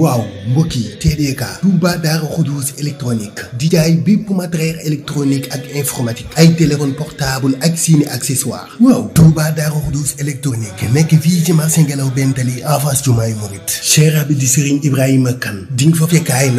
waaw Mboki, TDK Touba Darou électronique DJI Bip pour matériel électronique et informatique ay téléphone portable ak et accessoire waaw Touba Darou électronique nekk fii ci marché en face du Mouride cheikh bi di Serigne Ibrahima Kane Ding nga fa fekk ay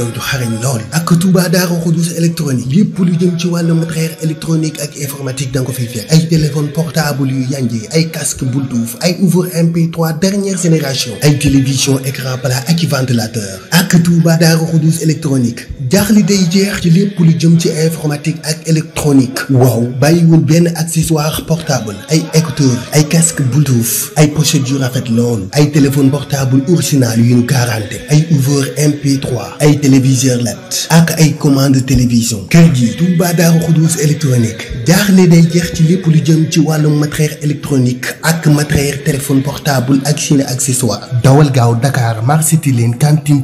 ak Touba Darou électronique lépp lu jëm ci matériel électronique et informatique da nga ko téléphone portable yu yànjee casque Bluetooth ay ouvre MP3 dernière génération ay télévision écran plat ak ventilateur ak Touba Daaru Xudus électronique jaaxle day jeex ci lepp lu jëm ci informatique ak électronique wow bayiwul bien accessoire portable ay écouteur ay casque bluetooth ay pochette yu rafet lool ay téléphone portable original yu garantie, ay ouvreur mp3 ay téléviseur LED ak ay commande télévision kër gi Touba Daaru Xudus électronique jaaxle day jeex ci lepp lu jëm ci walu matériel électronique ak matériel téléphone portable ak seeni accessoire dawal gaaw Dakar marché Tilène cantine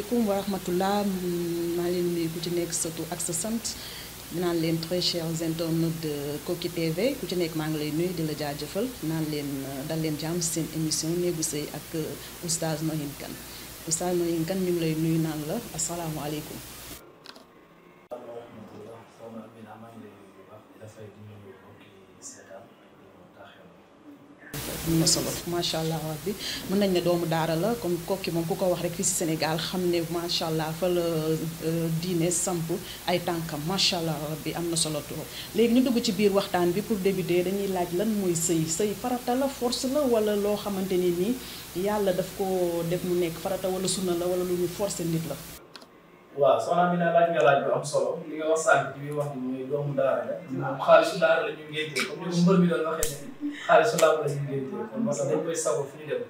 asalaamaaleykum wa rahmatullah maa leen nuyu ku ci nekk sa tur ak sa sant naan leen très chers internautes de Koki TV ku ci nekk maa ngi lay nuyu di la jëfal naan leen dal leen jàmm seen émission néegu sëy ak oustaz Nohine Kane oustaz Nohine Kane ñu ngi lay nuyu naan la asalaamaaleykum. macha allah bi mën nañ ne doomu daara la comme kokki moom ku ko wax rek fii si Sénégal xam ne macha allah fa la euh, diine samp ay tànkam macha allah bi am na solo trop léegi ñu dugg ci biir waxtaan bi pour débuter dañuy laaj lan mooy sëy sëy farata la force la wala loo xamante ni nii yàlla daf ko def mu nekk farata wala sunna la wala lu ñu forcer nit la waaw soxna mi ne laaj nga laaj bu am solo li nga wax sànq ci biir wax ni mooy doomu daara la mm. am xaalisu daara la ñu ngéntee comme ni mbër bi doon waxee ne xaalisu daara la ñu ngéntee kon parce que dañ koy sago fi ñu dem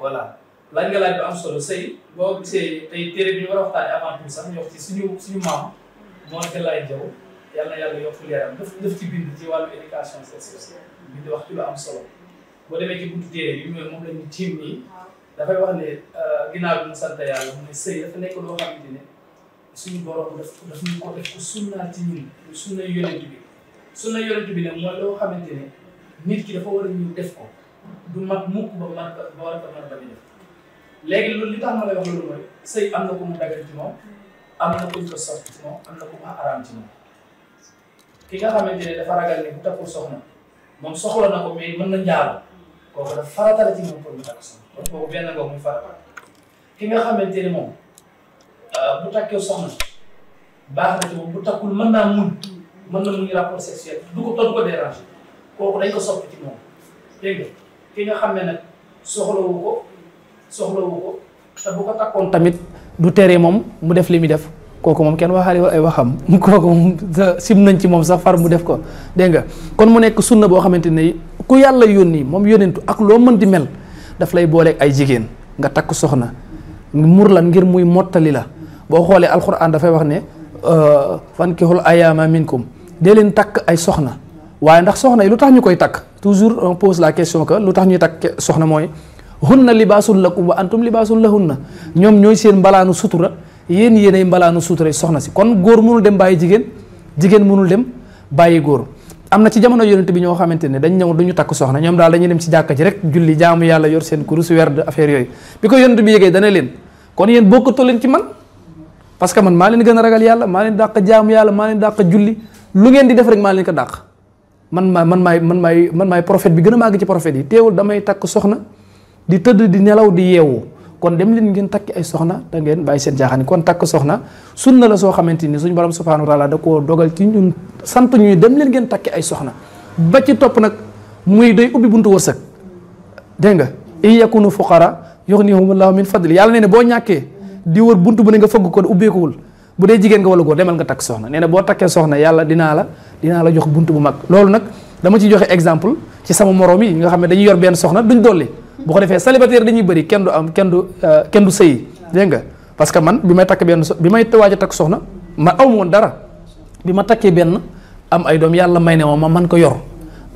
voilà laaj nga laaj bu am solo sëy boo gisee tey téere bi ñu war a waxtaanee avant tout sax ñu wax ci suñu suñu maam moo nekk laay jaw yàlla yàlla yokk leeram daf daf ci bind ci wàllu éducation sexuelle bind wax ci lu am solo boo demee ci buntu téere yi moom lañu tiim nii dafay wax ne euh, ginnaaw bi mu sant yàlla mu ne sëy dafa nekk loo xamante ne suñu borom daf daf ñu ko def ko sunnaa ci ñun sunna yonent bi sunna yonent bi nag mooy loo xamante ne nit ki dafa war a ñu def ko du mat mukk ba mat ba war a mat ba ñu léegi loolu li tax ma am na ko mu dagal ci moom am am na ko mu araam ci moom ki nga xamante ne dafa ragal ne bu takkul soxna moom soxla na ko mais mën na njaalo ko dafa farata la ci moom pour mu takk soxna kon benn nga muy farata ki nga xamante ne moom Euh, bu takkee soxna baax na ci moom bu takkul mën naa muñ mën na muñ rapport sexuel du ko toog ko déranger kooku dañ ko soxlawu ko soxlawu bu ko takkoon tamit du teree moom mu def li muy def kooku moom kenn waxaale ay waxam kooku moom sim nañ ci moom sax far mu def ko dégg nga kon mu nekk sunna boo xamante ne ku yàlla yónni moom yónnentu ak loo mën di mel daf lay booleeg ay jigéen nga takk soxna mur lan ngir muy mottali la boo xoolee alxuraan dafay wax ne euh, fankihul ayaama minkum de leen takk ay soxna waaye ndax soxna yi lu tax ñu koy takk toujours on pose la question que lu tax ñu takk soxna mooy hunna libaasul lakum wa antum libaasul lahunna ñoom ñooy seen mbalaanu sutura yéen yéenay mbalaanu sutura soxna si kon góor mënul dem bàyyi jigéen jigéen mënul dem bàyyi góor am na ci jamono yonent bi ñoo xamante ne dañ ñëw du ñu takk soxna ñoom daal dañuy dem ci jàkka ji rek julli jaamu yàlla yor seen kurus werd yooyu bi ko leen ci man parce que man maa leen gën a ragal yàlla maa leen dàq jaamu yàlla maa leen dàq julli lu ngeen di def rek maa leen ko dàq man maa man maay man maay man maay prophète bi gën a màgg ci prophète yi teewul damay takk soxna di tëdd di nelaw di yeewu kon dem leen ngeen takki ay soxna da ngeen bàyyi seen jaaxaan kon takk soxna sunna la soo xamante ni suñu borom subhanahu wa taala da koo dogal ci ñun sant ñuy dem leen ngeen takki ay soxna ba ci topp nag muy day ubbi buntu wërsëg dégg nga in yakunu fuqara yughnihumullahu min fadli yàlla nee ne boo ñàkkee di wor buntu bu ne nga fogg ko ubbeekuwul bu dee jigéen nga wala góor demal nga takk soxna nee na boo takkee soxna yàlla dinaa la dinaa la jox buntu bu mag loolu nag dama ci joxe exemple ci sama morom yi nga xam ne dañuy yor benn soxna duñ dolli bu ko defee célibataire dañuy bëri kenn du am kenn du euh, kenn du sëyi dégg nga parce que man bi may takk benn bi may waaj a takk soxna ma aw woon dara bi ma takkee benn am ay doom yàlla may ne ma man ko yor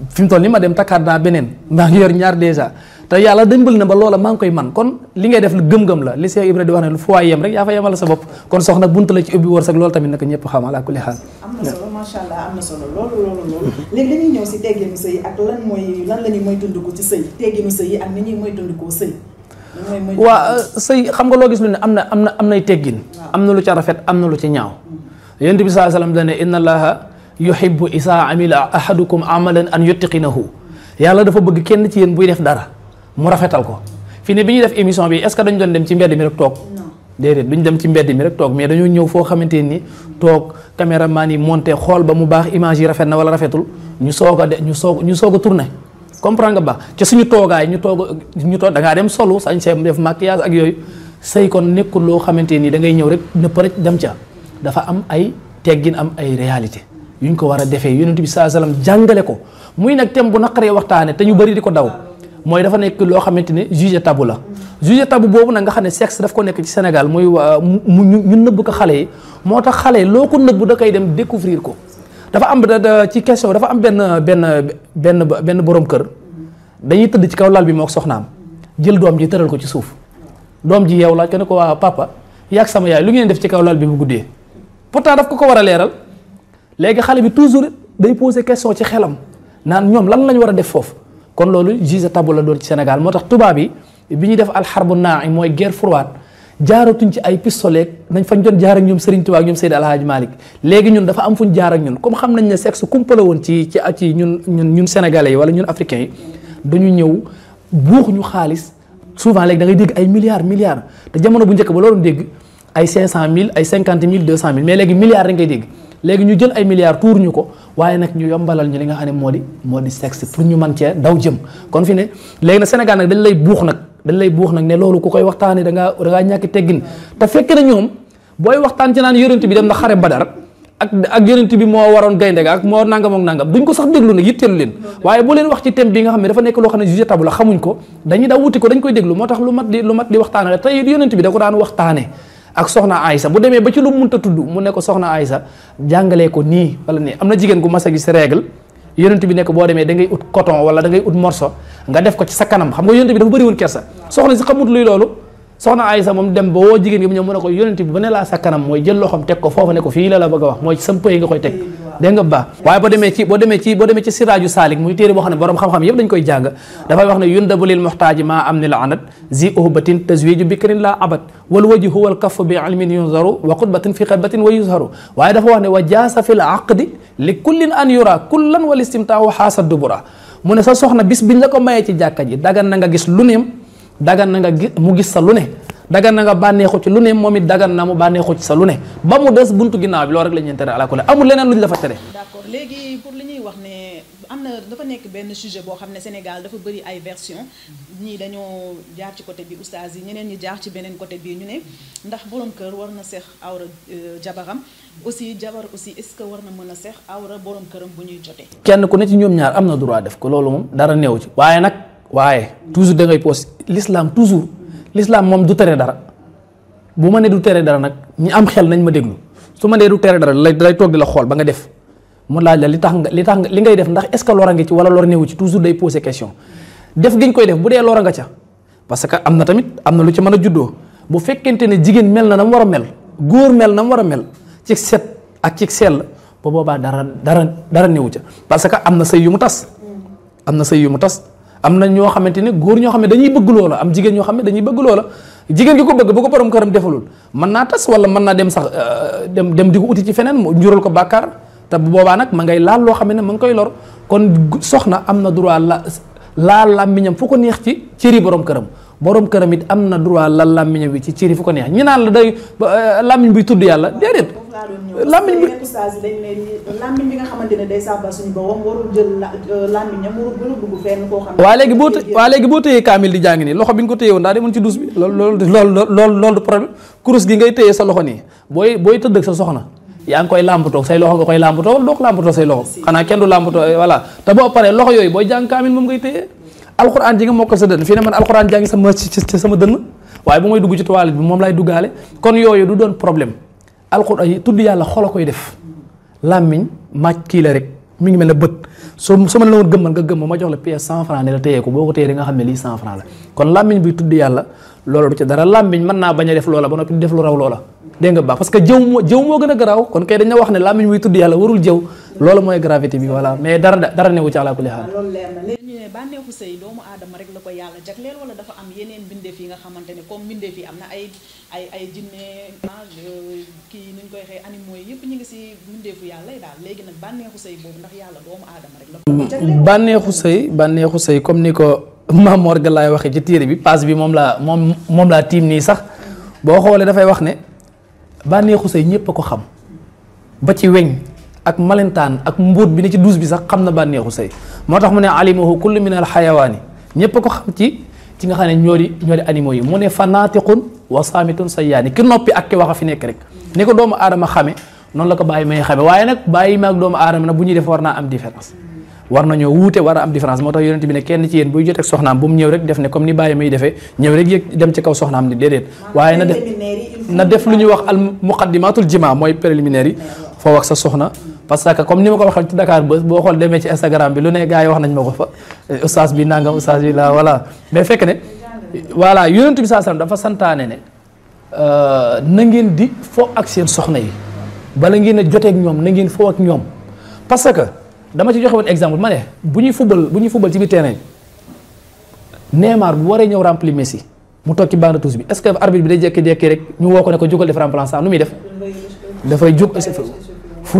fi mu toll ma dem takkaat naa beneen maa ngi yor ñaar dèjà te yàlla dimbal na ba loola maa ngi koy man kon li ngay def lu gëm-gëm la li Cheikh Ibrahima di wax ne lu foo yem rek yaa fa yemal sa bopp kon soxna bunt la ci ubbi wërsëg loolu tamit naka ñëpp xam ala kulli xaal am na solo macha allah am na solo loolu loolu loolu léegi dañuy ñëw si tegginu sëy ak lan mooy lan la ñuy mooy dund ko ci sëy tegginu sëy ak euh, xam nga loo gis lu ne am na am na am nay teggin am na lu ca rafet am na lu ca ñaaw yonent bi saa sallam dane inna allaha yuhibbu isaa amila ahadukum amalan an yuttiqinahu yàlla dafa bëgg kenn ci yéen buy def dara mu rafetal ko fi ne bi ñu def émission bi est-ce que dañu doon dem ci mbedd mi rek toog déedéet duñ dem ci mbedd mi rek toog mais dañoo ñëw foo xamante ni toog caméraman yi monte xool ba mu baax image yi rafet na wala rafetul ñu soog a de ñu soog ñu soog a tourné comprendre nga baax ci suñu toogaay ñu toog ñu toog da ngaa dem solu sañ see def maquillage ak yooyu say kon nekkul loo xamante nii da ngay ñëw rek nëpp rek dem ca dafa am ay teggin am ay réalité yuñ ko war a defee yonent bi saa salaam jàngale ko muy nag thème bu naqaree waxtaane te ñu bëri di ko daw mooy dafa nekk loo xamante ne juge tabou la juge tabou boobu nag nga xam ne sexe daf ko nekk ci Sénégal muy euh, mu ñu nëbb ko xale yi moo tax xale yi loo ko nëbb da koy dem découvrir ko dafa am ci question dafa am benn benn benn benn borom kër dañuy tëdd ci kaw lal bi moo soxnaam jël doom ji tëral ko ci suuf doom ji yow la ko ne ko waa papa yaag sama yaay lu ngeen def ci kaw lal bi mu guddee pourtant daf ko ko war a leeral léegi xale bi toujours day poser question ci xelam naan ñoom lan lañ war a def foofu kon loolu juge tabu la doon ci Sénégal moo tax tubaab yi bi ñuy def alxarbu naai mooy guerre froide jaaratuñ ci ay pistolet nañ fañ doon jaar ak ñoom Serigne Touba ak ñoom Seydi Alhaji Malick léegi ñun dafa am fuñ jaar ak ñun xam nañ ne sexe kumpala woon ci ci ci ñun ñun ñun sénégalais yi wala ñun africains yi dañu ñëw buux ñu xaalis souvent léegi da ngay dégg ay milliards milliards te jamono bu njëkk ba loolu dégg ay 500000 ay 50000 200000 mais léegi milliards rek ngay dégg. léegi ñu jël ay milliards tuur ñu ko waaye nag ñu yombalal ñu li nga xam ne moo di moo di sexe pour ñu mën cee daw jëm kon fi ne léegi nag Sénégal nag dañ lay buux nag dañ lay buux nag ne loolu ku koy waxtaanee da ngaa da ngaa ñàkk teggin te fekk na ñoom booy waxtaan ci naan yonent bi dem na xare Badar ak ak yonent bi moo waroon gaynde ga ak moo nangam ak ko sax déglu nag yitteelu leen waaye bu leen wax ci thème bi nga xam ne dafa nekk loo xam ne sujet tabou la ko dañuy daw wuti ko dañ koy déglu moo tax lu mat di lu mat di waxtaane te yonent bi da ko daan waxtaane ak soxna Aïssa bu demee ba ci lu munta tudd mu ne ko soxna Aïssa jàngalee ko nii wala nii am na jigéen gu mas a gis règle yonent bi nekk boo demee da ngay ut coton wala da ngay ut morso nga def ko ci sa kanam xam nga yonent bi dafa bëri woon kersa soxna si xamut luy loolu soxna Aysa moom dem ba woo jigéen gi mu ñëw mu ne ko yonent bi ba ne laa sa kanam mooy jël loxoom teg ko foofu ne ko fii la la bëgg a mooy sam pëy nga koy teg dégg nga waaye boo demee ci siraaju saalik muy téere boo xam xam-xam dañ koy jàng dafay wax ne yundabu lil muxtaaji maa am ni la anat zi uhbatin taswiju bikrin laa abat wal waji huwa alkafu bi ilmin yunzaru wa qutbatin fi xadbatin wa yuzharu waaye wa jaasa fi l aqdi li kullin an yura kullan wal istimtaahu xaasa dubura mu ne sa soxna bis biñ na nga gis lu neem dagan na nga gis mu gis sa lu ne daga na nga bànneexu ci lu ne moom it dagan na mu bànneexu ci sa lu ne ba mu des buntu ginnaaw bi loolu rek la ñuy tere alaakulli amul leneen lu ñu la tere. léegi pour li ñuy wax ne am na dafa nekk benn sujet boo xam ne Sénégal dafa bëri ay version ñii dañoo jaar ci côté bi oustaz yi ñeneen ñi jaar ci beneen côté bii ñu ne ndax borom kër war na seex awra euh, jabaram aussi jabar aussi est-ce que war na mën a seex awra borom këram bu ñuy jotee. kenn ku ne ci ñoom ñaar am na droit def ko loolu moom dara néew ci waaye nag. waaye toujours da ngay poos l'islam toujours lislaam moom du tere dara bu ma ne du tere dara nag ñi am xel nañ ma déglu su ma nee du tere dara lay lay toog di la xool ba nga def mun laaj la li tax nga li tax li ngay def ndax est-ce que ci wala lor newu ci toujours day poser question def gi ñu koy def bu dee lora nga ca parce que am na tamit am na lu ci mën a juddoo bu fekkente ne jigéen mel na na mu war a mel góor mel na mu war a mel ci set ak ci sell ba boobaa dara dara dara newu ca parce que am na sëy yu mu tas am na sëy yu mu tas am na ñoo xamante ne góor ñoo xam ne dañuy bëgg loola am jigéen ñoo xam ne dañuy bëgg loola jigéen gi ko bëgg bu ko borom këram defalul mën naa tas wala mën naa dem sax euh, dem dem di ko uti ci feneen mu ko bàkkaar te bu boobaa nag ma ngay laal loo xam ne ma ngi koy lor kon soxna am na droit la laal làmmiñam fu ko neex ci cëri boroom këram borom këram it am na droit la làmmiñam wi ci cëri fu ko neex ñi naan la day euh, làmmiñ buy tudd yàlla déedéet foofu laa doon ñëw. làmmiñ bi yeneen ustaas yi dañ ne nga xamante ne day sàbbal suñu borom warul jël làmmiñam a boo të waaw léegi boo téyee kaamil di ko téye woon daa demoon ci douche bi gi ngay téye sa loxo nii booy booy tëdd ak sa soxna yaa ngi koy làmbatoo say loxo nga koy làmbatoo wala doo ko làmbatoo say loxo xanaa kenn du làmbatoo eh, voilà yooyu booy jàng kaamil moom ngay téye alxuraan ji nga mokkal sa dënn fii ne man alxuraan jàngi sama ci sama dënn moom lay duggaale kon yooyu du doon problème alxuraan yi tudd yàlla xol a koy def làmmiñ maaj kii la rek mi ngi mel ne bët soo soo mën la woon gëmmal nga gëmma ma jox la pièce cent franc ne la téye ko boo ko téyee di nga xam ne lii cent franc la kon làmmiñ bi tudd yàlla loola ci dara làmmiñ mën naa bañ a def loola ba noppi def lu raw loola dégg nga baax parce que jëw moo jëw moo gën a garaaw kon kay dañ wax ne làmmiñ buy tudd yàlla warul jëw loolu mooy gravité bi voilà mais dara dara newu ci ala kulli xaal. loolu leer na ne bànneexu sëy doomu ko yàlla jagleel wala dafa yi nga xamante ne comme mbindeef ay ay jinne kii koy waxee animaux yi yëpp si yàlla léegi nag bànneexu sëy boobu ndax yàlla doomu mm, sëy comme ni ko Maam ga lay waxee ci téere bi paas bi moom laa moom moom laa tiim nii sax boo xoolee dafay wax ne bànneexu sëy ñëpp a ko xam ba ci weñ ak malentaan ak mbóot bi ne ci duus bi sax xam na bànneexu sëy moo tax mu ne alimahu kullu min al xayawaani ñëpp a ko xam ci ci nga xam ne ñoo di ñoo di animaux yi mu ne fanaatiqun wa saamitun sa yaani ki noppi ak ki wax a fi nekk rek ni ko doomu aadama xame noonu la ko bàyyi may xame waaye nag bàyyi ma def war naa am différence a am différence moo tax kenn ci yéen buy jot ak soxnaam bu mu ñëw rek def ne comme ni bàyyi may defee waaye na def lu ñuy wax al muqaddimatul mooy préliminaire yi foo wax sa soxna parce que comme ni ma ko waxee ci Dakar Buzz boo xool demee ci Instagram bi lu ne gars yi wax nañ ma ko fa eh, oustaz bi nangam oustaz bi la voilà mais fekk ne voilà yonent bi saa dafa santaane ne euh, na ngeen di fo ak seen soxna yi bala ngeen a joteek ñoom na ngeen fo ak ñoom parce que dama ci joxe exemple ma ne bu ñuy fubal bu ñuy fubal ci biir terrain Neymar bu waree ñëw rempli Messi mu toog ci banc de touche bi est-ce que arbitre bi day jékki-jékki rek ñu woo ko ne ko jógal def remplaçant nu muy def dafay jóg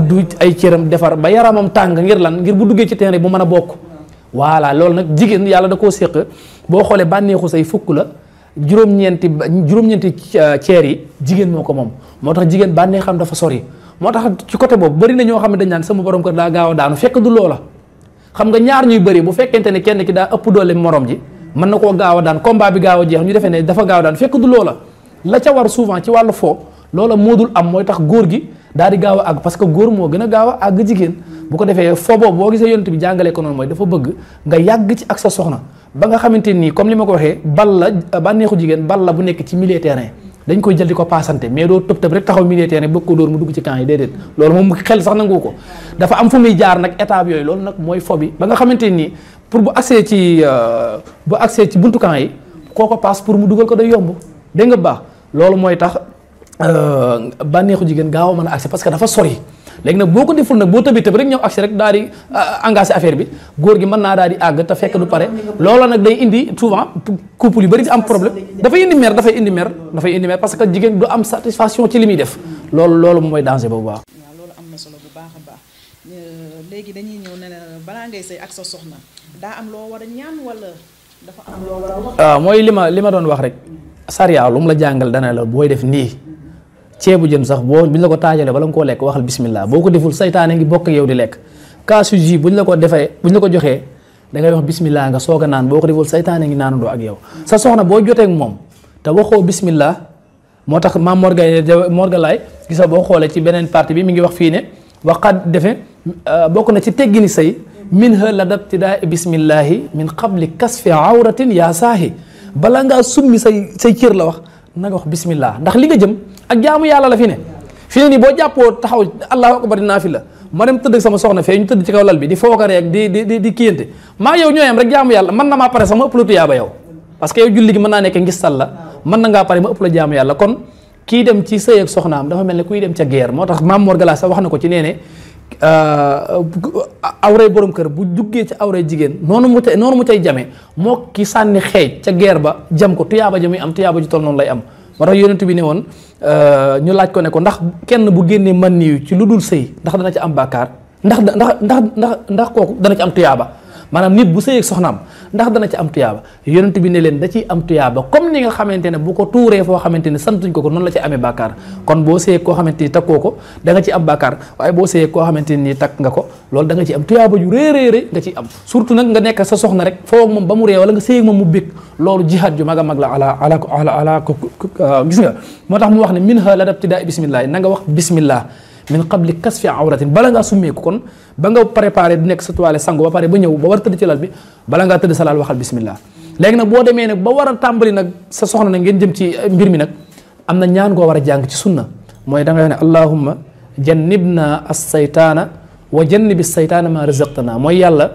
du ay cëram defar ba yaramam tàng ngir lan ngir bu duggee ci terrain bu mën a bokk voilà loolu nag koo séq boo xoolee bànneexu say fukk la juróom-ñeenti juróom-ñeenti euh, ceer yi jigéen moo ko moom moo tax jigéen bànneexam dafa sori moo tax ci côté boobu bari na ñoo xam ne dañ sama borom kër daa gaaw a fekk du loola xam nga ñaar ñuy bëri bu fekkente ne kenn ki daa ëpp doole morom ji mën na koo gaaw a daan bi gaaw a jeex ñu defee ne dafa gaaw a daan fekk du loola la ca war souvent ci wàllu foo loola moodul am mooy tax góor gi daal di gaaw a àgg parce que góor moo gën a gaaw a àgg jigéen bu ko defee foo boo gisee yonent bi jàngalee ko noonu mooy dafa bëgg nga yàgg ci ak sa soxna ba nga xamante nii comme li ma ko waxee bal la bànneexu jigéen bal la bu nekk ci milieu terrain dañ koy jël di ko paasante mais doo tëb tëb rek taxaw milieu terrain bëgg ko dóor mu dugg ci camp yi déedéet loolu moom xel sax nangu ko dafa am fu muy jaar nag étape yooyu loolu nag mooy fo ba nga xamante nii pour bu accès ci euh, bu accès ci buntu camp yi koo ko paas pour mu dugal ko day yomb dégg nga baax loolu mooy tax euh, bànneexu jigéen gaaw a mën a accès parce que dafa sori. léegi nag boo ko deful nag boo tëbi tëb rek ñëw agsi rek daal di euh, engagé affaire bi góor gi mën naa daal di àgg te fekk du pare loola nag day indi souvent couple yu bëri di am problème dafay indi mer dafay indi mer parce que jigéen du am satisfaction ci li muy def loolu loolu mooy danger boobu baax euh, léegi dañuy ñëw ne balaa ngay sëy ak sa soxna daa am loo war a ñaan wala dafa loo ah, mooy li ma li ma doon wax rek. sariya lu la jàngal dana la booy def nii. ceebu jën sax bo buñ la ko taajalee bala nga koo waxal bismillah boko deful saytaane ngi bokk yow di lek ka suji buñ la ko defee buñ la ko joxee da ngay wax bismillah nga soga nan boko deful saytaane ngi do ak yow sa soxna bo jotee ak mom ta waxo bismillah motax ma maam morgay morgalaay gisa bo xolé ci benen parti bi mi ngi wax fi ne waqad defe euh, bokku na ci teggini say minha ladabtidaa bismillahi min qabl kasf awratin ya sahi balanga summi say sey cër la wax nga wax bismillah ndax li nga jëm ak jaamu yàlla la fi ne fi ne nii boo jàppoo taxaw allahu akbar dinaa fi la ma dem tëdd sama soxna fee ñu tëdd ci kaw lal bi di fookareeg di di di di kiyante maa yow ñooy am rek jaamu yàlla mën na maa pare sama ëpp la tuyaaba yow parce que yow julli gi mën naa nekk ngistal la mën na ngaa pare ma ëpp la jaamu yàlla kon kii dem ci sëy ak soxnaam dafa mel ne kuy dem ca geer moo tax maam Mor Galaas wax na ko ci nee ne euh, awray borom kër bu duggee ca awray jigéen noonu mu te noonu mu cay jame moo ki sànni xeej ca guerre ba jam ko tuyaaba ja muy am tuyaaba ju toll noonu lay am moo tax yonent bi ne woon euh, ñu laaj ko ne ko ndax kenn bu génnee man niyu ci lu dul sëy ndax dana ci am bàkkaar ndax ndax ndax ndax ndax kooku dana ci am tuyaaba maanaam nit bu sëyeeg soxnaam ndax dana ci am tuyaaba yonent bi ne leen da ciy am tuyaaba comme ni nga xamante ne bu ko tuuree foo xamante ne santuñ ko ko noonu la ci amee bàkkaar kon boo seeyee koo xamante ni takkoo ko da ci am bàkkaar waaye boo seeyee koo xamante ni takk nga ko loolu da nga ci am tuyaaba ju réeréeré nga ciy am surtout nag nga nekk sa soxna rek foo ak moom ba mu ree wala nga seey ak moom mu bég loolu jihaad ju mag a mag la alaa ala ala ala ah, gis nga moo tax mu wax ne min ha la dab tidaa bismillah na wax bismillah min qabli kasfi awratin bala ngaa summeeku kon ba nga préparé di nekk sa toilette sangu ba pare ba ñëw ba war a tëdd ci lal bi bala ngaa tëdd sa laal waxal bismillah léegi nag boo demee nag boo war a tàmbali nag sa soxna nag ngeen jëm ci eh, mbir mi nag am na ñaan koo war a jàng ci sunna mooy da ngay ne allahumma jannibna as-saytaana wa jannibi saytaana ma razaqtana mooy yàlla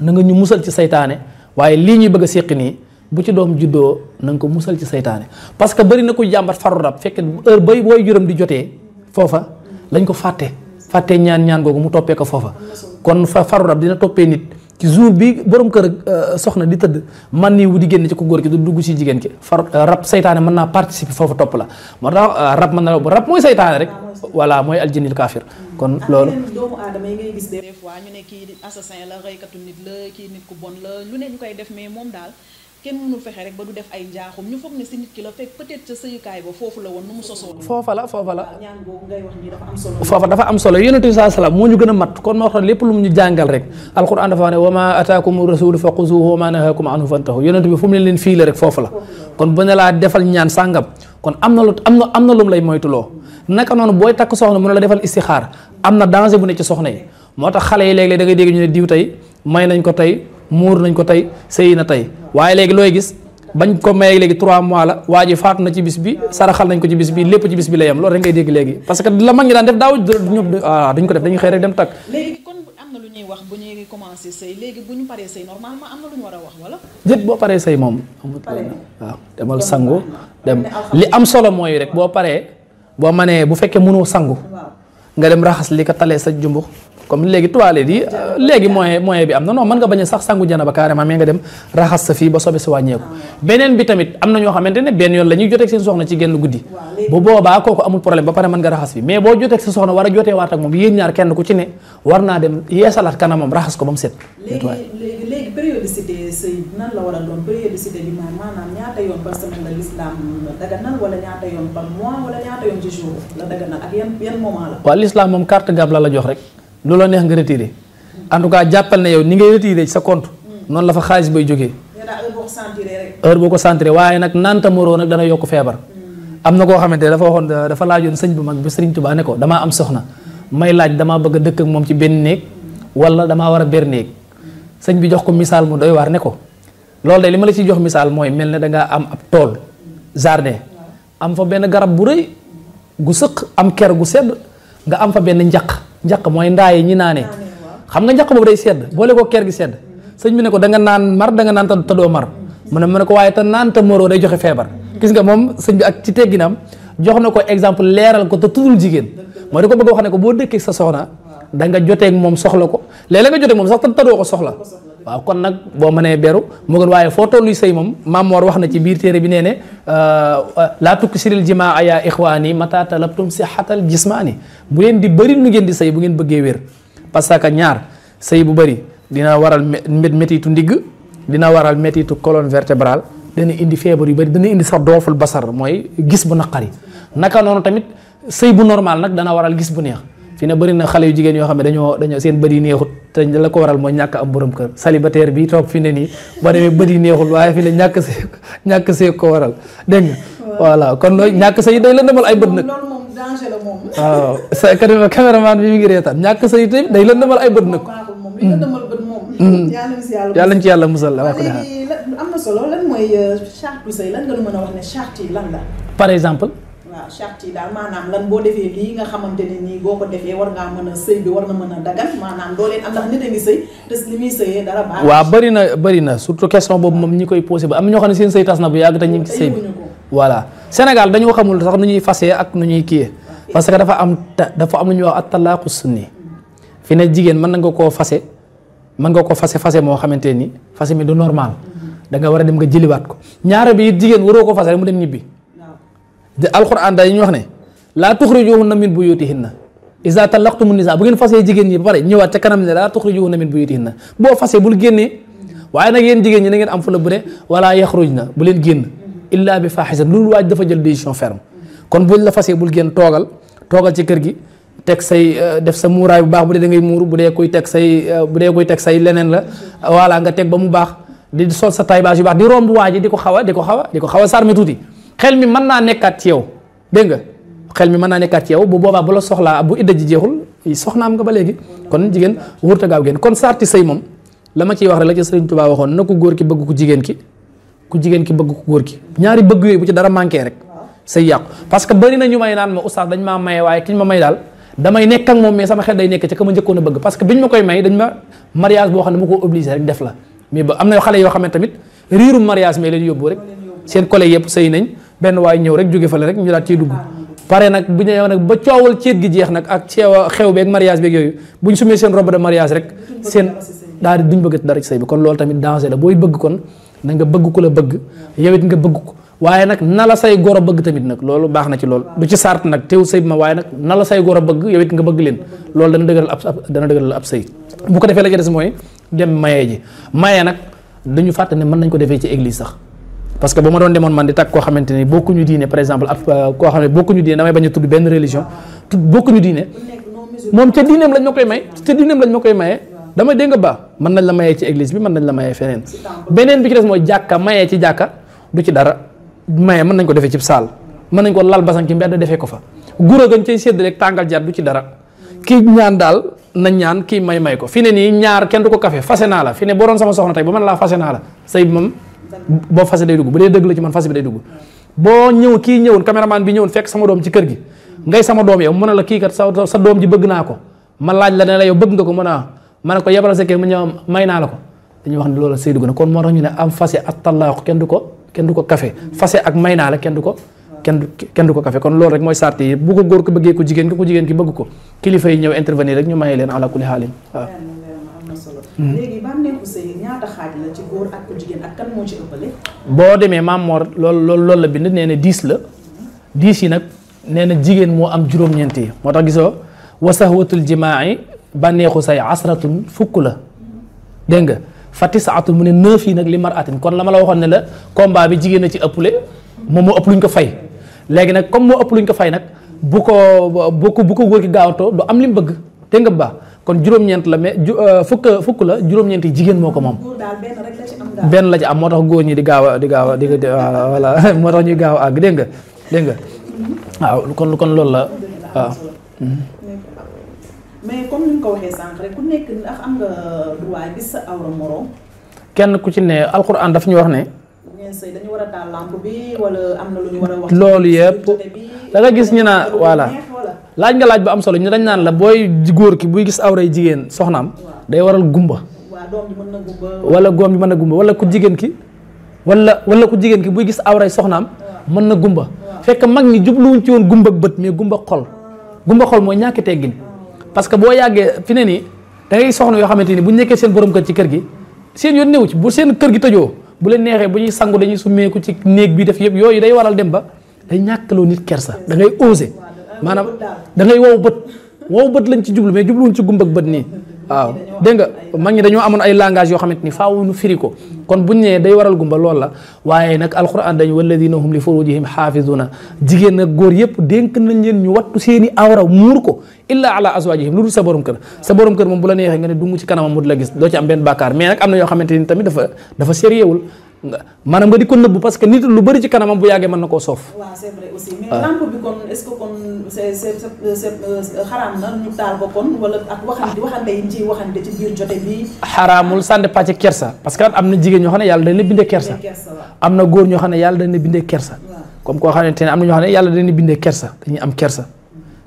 na nga ñu musal ci saytaane waaye lii ñuy bëgg a nii bu ci doom juddoo na ko musal ci saytaane parce que bëri na ko jàmbat faru rab fekk bay booy juróom di jotee foofa lañ ko fàtte fàtte ñaan ñaan googu mu toppee ko foofa kon fa faru rab dina toppee nit ci jour bi borom kër euh, soxna di tëdd man nii wu di génn ci ku góor ki du dugg ci jigéen ki far euh, rab saytaane mën naa participer foofu topp la moo tax euh, rab mën na rab mooy saytaane rek voilà mooy aljinil kaafir kon loolu doomu aadama yi ngay ñu ne kii assassin la reykatu nit la kii nit ku bon la lu ne ñu koy def mais moom daal kenn mënu fexe rek ba du def ay njaaxum ñu foog ne si nit ki la fekk peut-être ca sëyukaay ba foofu la woon nu mu sosoon. foofa la foofa la ñaan boobu ngay wax nii dafa am solo. foofa dafa am solo yonent bi saa salaam moo ñu gën a mat kon moo xam lépp lu mu ñu jàngal rek alquran dafa ne wa ma ataakum rasul fa xuzuhu wa ma nahakum anhu fantahu yonent bi fu mu ne leen fii la rek foofu la kon bu ne laa defal ñaan sàngam kon am na lu am na am na lum lay moytuloo naka noonu booy takk soxna mu ne la defal istixaar am na danger bu ne ci soxna yi moo tax xale yi léeg-léeg da ngay dégg ñu ne diw tey may nañ ko tey mur nañ ko tay sëy na tey waaye léegi looy gis bañ ko may legui 3 mois la waji fat na ci bis bi saraxal nañ ko ci bis bi lepp ci bis bi la yem lo rek ngay deg legui parce que la mag ni daan def daw ñop ah dañ ko def dañuy xey rek dem tak legui kon am na lu ñuy wax bu ñuy commencer sey legui bu ñu paree normalement am lu ñu wara wax wala. paré sey mom sëy moom. wa demal sangu dem li am solo moy rek bo paré bo mané bu féké mëno sangu nga dem raxas li ka talé sa jumbu comme léegi toilette yi léegi moyen moyen bi am na non mën nga bañ a sax sangu jana ba carrément mais nga dem raxas sa fii ba sobe si wàññeeku beneen bi tamit am na ñoo xamante ne benn yoon la ñuy joteeg seen soxna ci genn guddi bu boobaa kooku amul problème ba pare man nga raxas bi mais boo joteeg sa soxna war a jotee waat ak moom yéen ñaar war naa dem yeesalaat kanamam raxas ko ba mu set léegi périodicité sëy a lislaam moom carte gab la la jox rek lu la neex nga retiré en tout cas jàppal na yow ni ngay retiré ci sa compte noonu la fa xaalis bay jógee. heure ko centré waaye nag nanta moroo nag dana yokk feebar. Hmm. am na koo xamante ne dafa waxoon dafa laajoon sëñ bu mag bi sëriñ Tuubaa ne ko dama am soxna may laaj damaa bëgg a dëkk ak moom ci benn néeg wala damaa war a ber néeg sëñ bi jox ko misaal mu doy waar ne ko loolu de li ma la ciy jox misaal mooy mel ne da ngaa am ab tool jardin am fa benn garab bu rëy gu sëq am ker gu sedd nga am fa benn njaq njaq mooy ndaaye ñi naanee xam nga jaq boobu day sedd boole ko ker gi sedd sëñ bi ne ko da nga naan mar danga nga naan ta doo mar mu ne mu ne ko waaye te naan te moroo day joxe feebar gis nga moom sëñ bi ak ci tegginam jox na ko exemple leeral ko te tuddul jigéen mooy da ko bëgg a wax ne ko boo dëkkee sa soxna da nga joteeg moom soxla ko léeg nga joteeg moom sax te doo ko soxla waaw kon nag boo mënee beru mu gën waaye foo tollu sëy moom Mamor wax na ci biir téere bi nee ne euh, euh, laa tukki siril jimaa ya ixwaani mata talabtum sixatal jismaani bu leen di bëri nu ngeen di sëy bu ngeen bëggee wér parce que ñaar sëy bu bëri dina waral métitu ndigg dina waral métitu colonne vertébrale dana indi feebar yu bëri dana indi sax dooful basar mooy gis bu naqari naka noonu tamit sëy bu normal nag dana waral gis bu neex fi ne bëri na xale yu jigéen yoo xam ne dañoo seen bët yi neexut te la ko waral mooy ñàkk am borom kër célibataire bi toog fi ne nii boo demee bët yi neexul waaye fi ne ñàkk see ñàkk see ko waral dégg nga voilà kon loolu ñàkk sa yi day lëndëmal ay bët nag waaw ngi reetaan ñàkk sa yi tamit day ay bët nag mm. Mm. yàlla ñu ci yàlla musal wax am na solo lan mooy euh, charte a yi lan la par exemple waaw charte yi daal maanaam lan boo defee lii nga xamante ne nii boo ko defee war ngaa mën a sëy bi war na mën a dagan maanaam doo leen am ndax nit a ngi sëy des li muy sëyee dara baax waaw bëri na bëri na surtout question boobu moom ñi koy posé ba am ñoo xam ne seen sëy tas na bu yàgg te ñu ngi sëy bi voilà Sénégal xamul sax nu ñuy fasee ak nu ñuy kiyee parce que dafa am dafa am lu ñuy wax at talaaqu sunni fi ne jigéen mën nga koo fase mën nga ko fase fase moo xamante ni fase mi du normal mm-hmm. da nga war a dem nga jëliwaat ko ñaara bi jigéen waroo ko fase mu dem ñibbi القران دا نيو خني لا تخرجوهن من بيوتهن اذا طلقتم النساء بو ген فاسي جيجن ني با بار نيوات تي كانام لا تخرجوهن من بيوتهن بو فاسي بول генي واي نا ген جيجن ني نين ام فلو بري ولا يخرجن بولين ген الا بفاحشه لول واج دافا جيل ديسيون فيرم كون بول لا فاسي بول ген توغال توغال سي كيرغي تك ساي ديف سا موراي مور بودي كوي تك ساي بودي كوي تك لا والا nga tek bamou bax di sol sa taybaaji bax di rombu waji diko xawa diko xawa diko xawa sarmi xel mi mën naa nekkaat ci yow dégg nga xel mi mën naa nekkaat ci yow bu boobaa bu la soxlaa bu idda ji jeexul soxnaam nga ba léegi kon jigéen wurta gaaw génn kon sarti sëy moom la ma ciy wax rek la ci Sëriñ waxoon na ku góor ki bëgg ku jigéen ki ku jigéen ki bëgg ku góor ki ñaari bëgg yooyu bu ci dara rek sëy yàqu parce que bari na ñu may naan ma oustaz dañ maa maye waaye kiñ ma may daal damay nekk ak moom mais sama xel day nekk ca ka ma njëkkoon a bëgg parce que biñ ma koy may dañ ma mariage boo xam ne ma ko obligé rek def la mais ba am na xale yoo xam ne tamit riirum mariage mais leen yóbbu rek seen collègue yëpp sëy nañ benn waay ñëw rek jóge fale rek ñu daal ciy dugg pare nag bu ñu nag ba coowal ceet gi jeex nag ak ceewa xew beeg mariage beeg yooyu bu ñu sumee seen robe de mariage rek seen daal di duñ bëgg dara ci sëy bi kon loolu tamit danger la booy bëgg kon na nga bëgg ku la bëgg yow nga bëgg ko waaye nag na la say goro bëgg tamit nag loolu baax na ci loolu du ci sart nag teew sëy ma waaye nag na la say goro bëgg yow it nga bëgg leen loolu dana dëgëral ab dana dëgëral ab sëy bu ko defee la ca des mooy dem mayee ji mayee nag dañu fàtte ni mën nañ ko defee ci église sax parce que ba ma doon des man di quoi koo xamante beaucoup nous disent par exemple beaucoup euh, de a de religion disent, bokkuñu diine moom ca diineem lañ si koy may te dis lañ koy maye dama nañ la ci église bi des moi ci du ci dara maye nañ ko ci nañ ko lal basan ci mbedd defee ko fa gura gën cay sédd ci dara ñaan na ñaan ne ñaar du ko la ne boo fas day dugg bu dee dëgg la ci man fas bi day dugg boo ñëw kii ñëwoon caméraman bi ñëwoon fekk sama doom ci kër gi ngay sama doom yow mu a la kii kat sa sa doom ji bëgg naa ko ma laaj la ne la yow bëgg nga ko mën a ah ma ne ko yebal sa kër mu am may naa la ko dañuy wax ne loolu say dugg na kon moo tax ñu ne am fase ak talaaq kenn du ko kenn du ko kafe fase ak may naa la kenn du ko kenn du kenn du ko kafe kon loolu rek mooy sart yi bu ko góor ko bëggee ko ko jigéen ki bëgg ko kilifa yi ñëw intervenir rek ñu maye leen ala kulli Hmm. léegi bànneexu sëy ñaata xaaj la ci góor ak ku jigéen boo demee maam Mor lool loolu loolu la bind nee na dix la dix yi nag nee na jigéen moo am juróom-ñeent yi moo tax gisoo wa sahwatul jimaa'i bànneexu say asratun fukk la dégg nga fa tisaatul mu ne neuf yi nag li mar atin kon la ma la waxoon ne la combat bi jigéen a ci ëppale moom moo ëpp luñ ko fay léegi nag comme moo ëpp luñ ko fay nag bu ko bu ko bu ko góor gi gaawatoo du am lim bëgg dégg nga ba kon juróom ñent la mais euh, fukk fukk la juróom-ñeent jigen moko mom ben la ci am motax tax di gawa di gawa di wala motax ñu gawa ag a àgg waaw kon kon lool la waaw mais comme ñu ko waxé sank rek ku nekk ndax am nga droit gis sa awra morom kenn ku ci ne alcorane daf ñu wax ne dañu wara dal taal lampe bi wala am lu ñu wara wax loolu yépp da nga gis ñina wala voilà laaj nga laaj bu am solo ñu dañ nan la boy goor ki buy gis awray jigen soxnam day waral gumba wala doom ji mën gumba wala ku jigen ki wala wala ku jigen ki buy gis awray soxnam mën gumba fekk mag jublu wun ci won gumba beut mais gumba xol gumba xol moy ñàkk teggin parce que bo yagge fi ne ni da ngay yo xamanteni bu ñeké seen borom ko ci kër gi seen yoon néew ci bu seen kër gi tejo bu len nexé bu ñuy sangu dañuy ku ci neeg bi def yeb yooyu day waral dem ba day nit kersa da ngay oser maanaam da ngay wow bët wow bët lañ ci jublu mais jubluwuñ ci gumbag bët nii waaw dégg nga mag ñi dañoo amoon ay langage yoo xamante ni faaw nu firi ko kon buñ nee day waral gumba lool la waaye nag alquran dañ walladina hum li furujihim xaafizuna jigéen ak góor yëpp dénk nañ leen ñu wattu seeni awra muur ko illa ala azwajihim lu dul sa borom kër sa borom kër moom bu la neexee nga ne dungu ci kanamam mu di la gis doo ci am benn bàkkaar mais nag am na yoo xamante ni tamit dafa dafa sérieux wul maanaam nga di ko nëbbu parce que nit lu bëri ci kanamam bu yàggee mën na koo soof. Euh, ko kon wala ak waxande waxande yi ci waxande xaraamul sànni pàcc kersa parce que am na jigéen ñoo xam ne yàlla dañ la bindee kersa. na góor ñoo xam yàlla dañ la bindee kersa. comme koo xamante ne am na ñoo xam ne yàlla dañ la bindee kersa dañuy am kersa.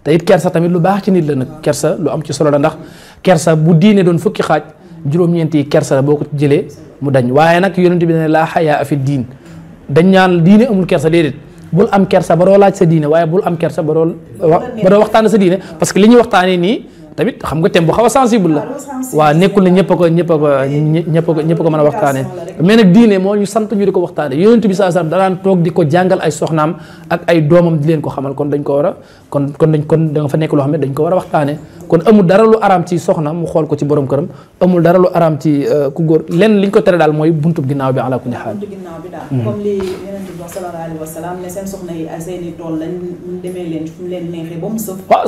te it kersa tamit lu baax ci nit la nag kersa lu am ci solo la ndax kersa bu diine doon fukki xaaj juróom ñeenti yi kersa la boo ko jëlee mu dañ waaye nag yonent bi ne laa xayaa fi diin dañ ñaan diine amul kersa déedéet bul am kersa ba doo laaj sa diine waaye bul am kersa ba doo ba doo waxtaane sa diine parce que li ñuy waxtaanee nii tamit xam nga thème bu xaw a sensible la waa nekkul ne ñëpp ko ñëpp a ko ñëpp a ñëpp ko mën a waxtaanee mais nag diine moo ñu sant ñu di ko waxtaanee yonent bi sa salam danaan toog di ko jàngal ay soxnaam ak ay doomam di leen ko xamal kon dañ ko war a kon kon dañ kon da nga fa nekk loo xam dañ ko wara waxtane kon amul dara lu aram ci soxna mu xol ko ci borom kërëm amul dara lu aram ci euh, ku gor len liñ ko téré dal moy buntu ginnaw bi ala kulli hal buntu ginnaw bi daal hmm. comme li yenen di wax sallallahu alayhi wa sallam ne sen soxna yi ay seeni tool lañ démé len fu len nexé bam ba mu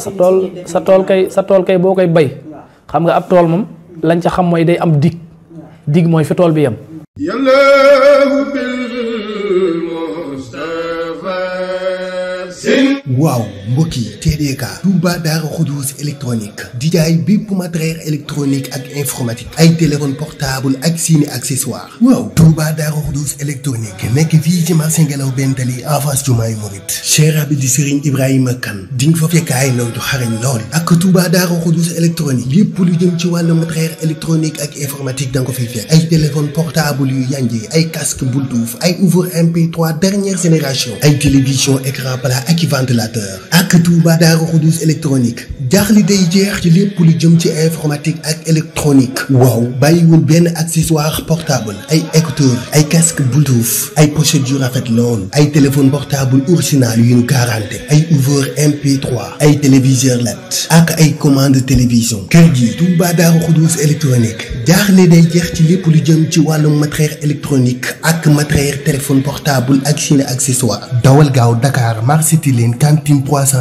sa tol sa tol kay sa tol kay bokay bay xam nga ab tol mom lañ ca xam moy day am dig dig moy fi tol bi yam yallahu bil mustafa sin waaw Boki, TDK Touba Darou électronique di jaay pour matériel électronique et informatique ay téléphone portable ak et accessoire Wow, Touba Darou Khoudoss électronique Nek fii ci au Ngelaw benn tali en face Jumaay Ibrahim Cheikh bi di Serigne Ibrahima Kane ak Touba électronique pour lu dim ci le matériel électronique et informatique dans nga téléphone portable yu yanjee casque Bluetooth ay ouvre MP3 dernière génération ay télévision écran plat ak ventilateur tout Touba Daaru Xuddus électronique jaxli day jeex ci lepp lu jëm ci informatique ak électronique wow bayiwul ben accessoire portable ay écouteur, ay casque bluetooth ay pochette à rafet lool ay téléphone portable original yu ñu ay ouvreur mp3 ay téléviseur LED ak ay commande télévision kër tout bas Daaru Xuddus électronique jaxli day jeex ci lepp lu jëm ci walu matériel électronique ak matériel téléphone portable ak seen accessoire dawal gaaw Dakar marché Tilène cantine Poisson,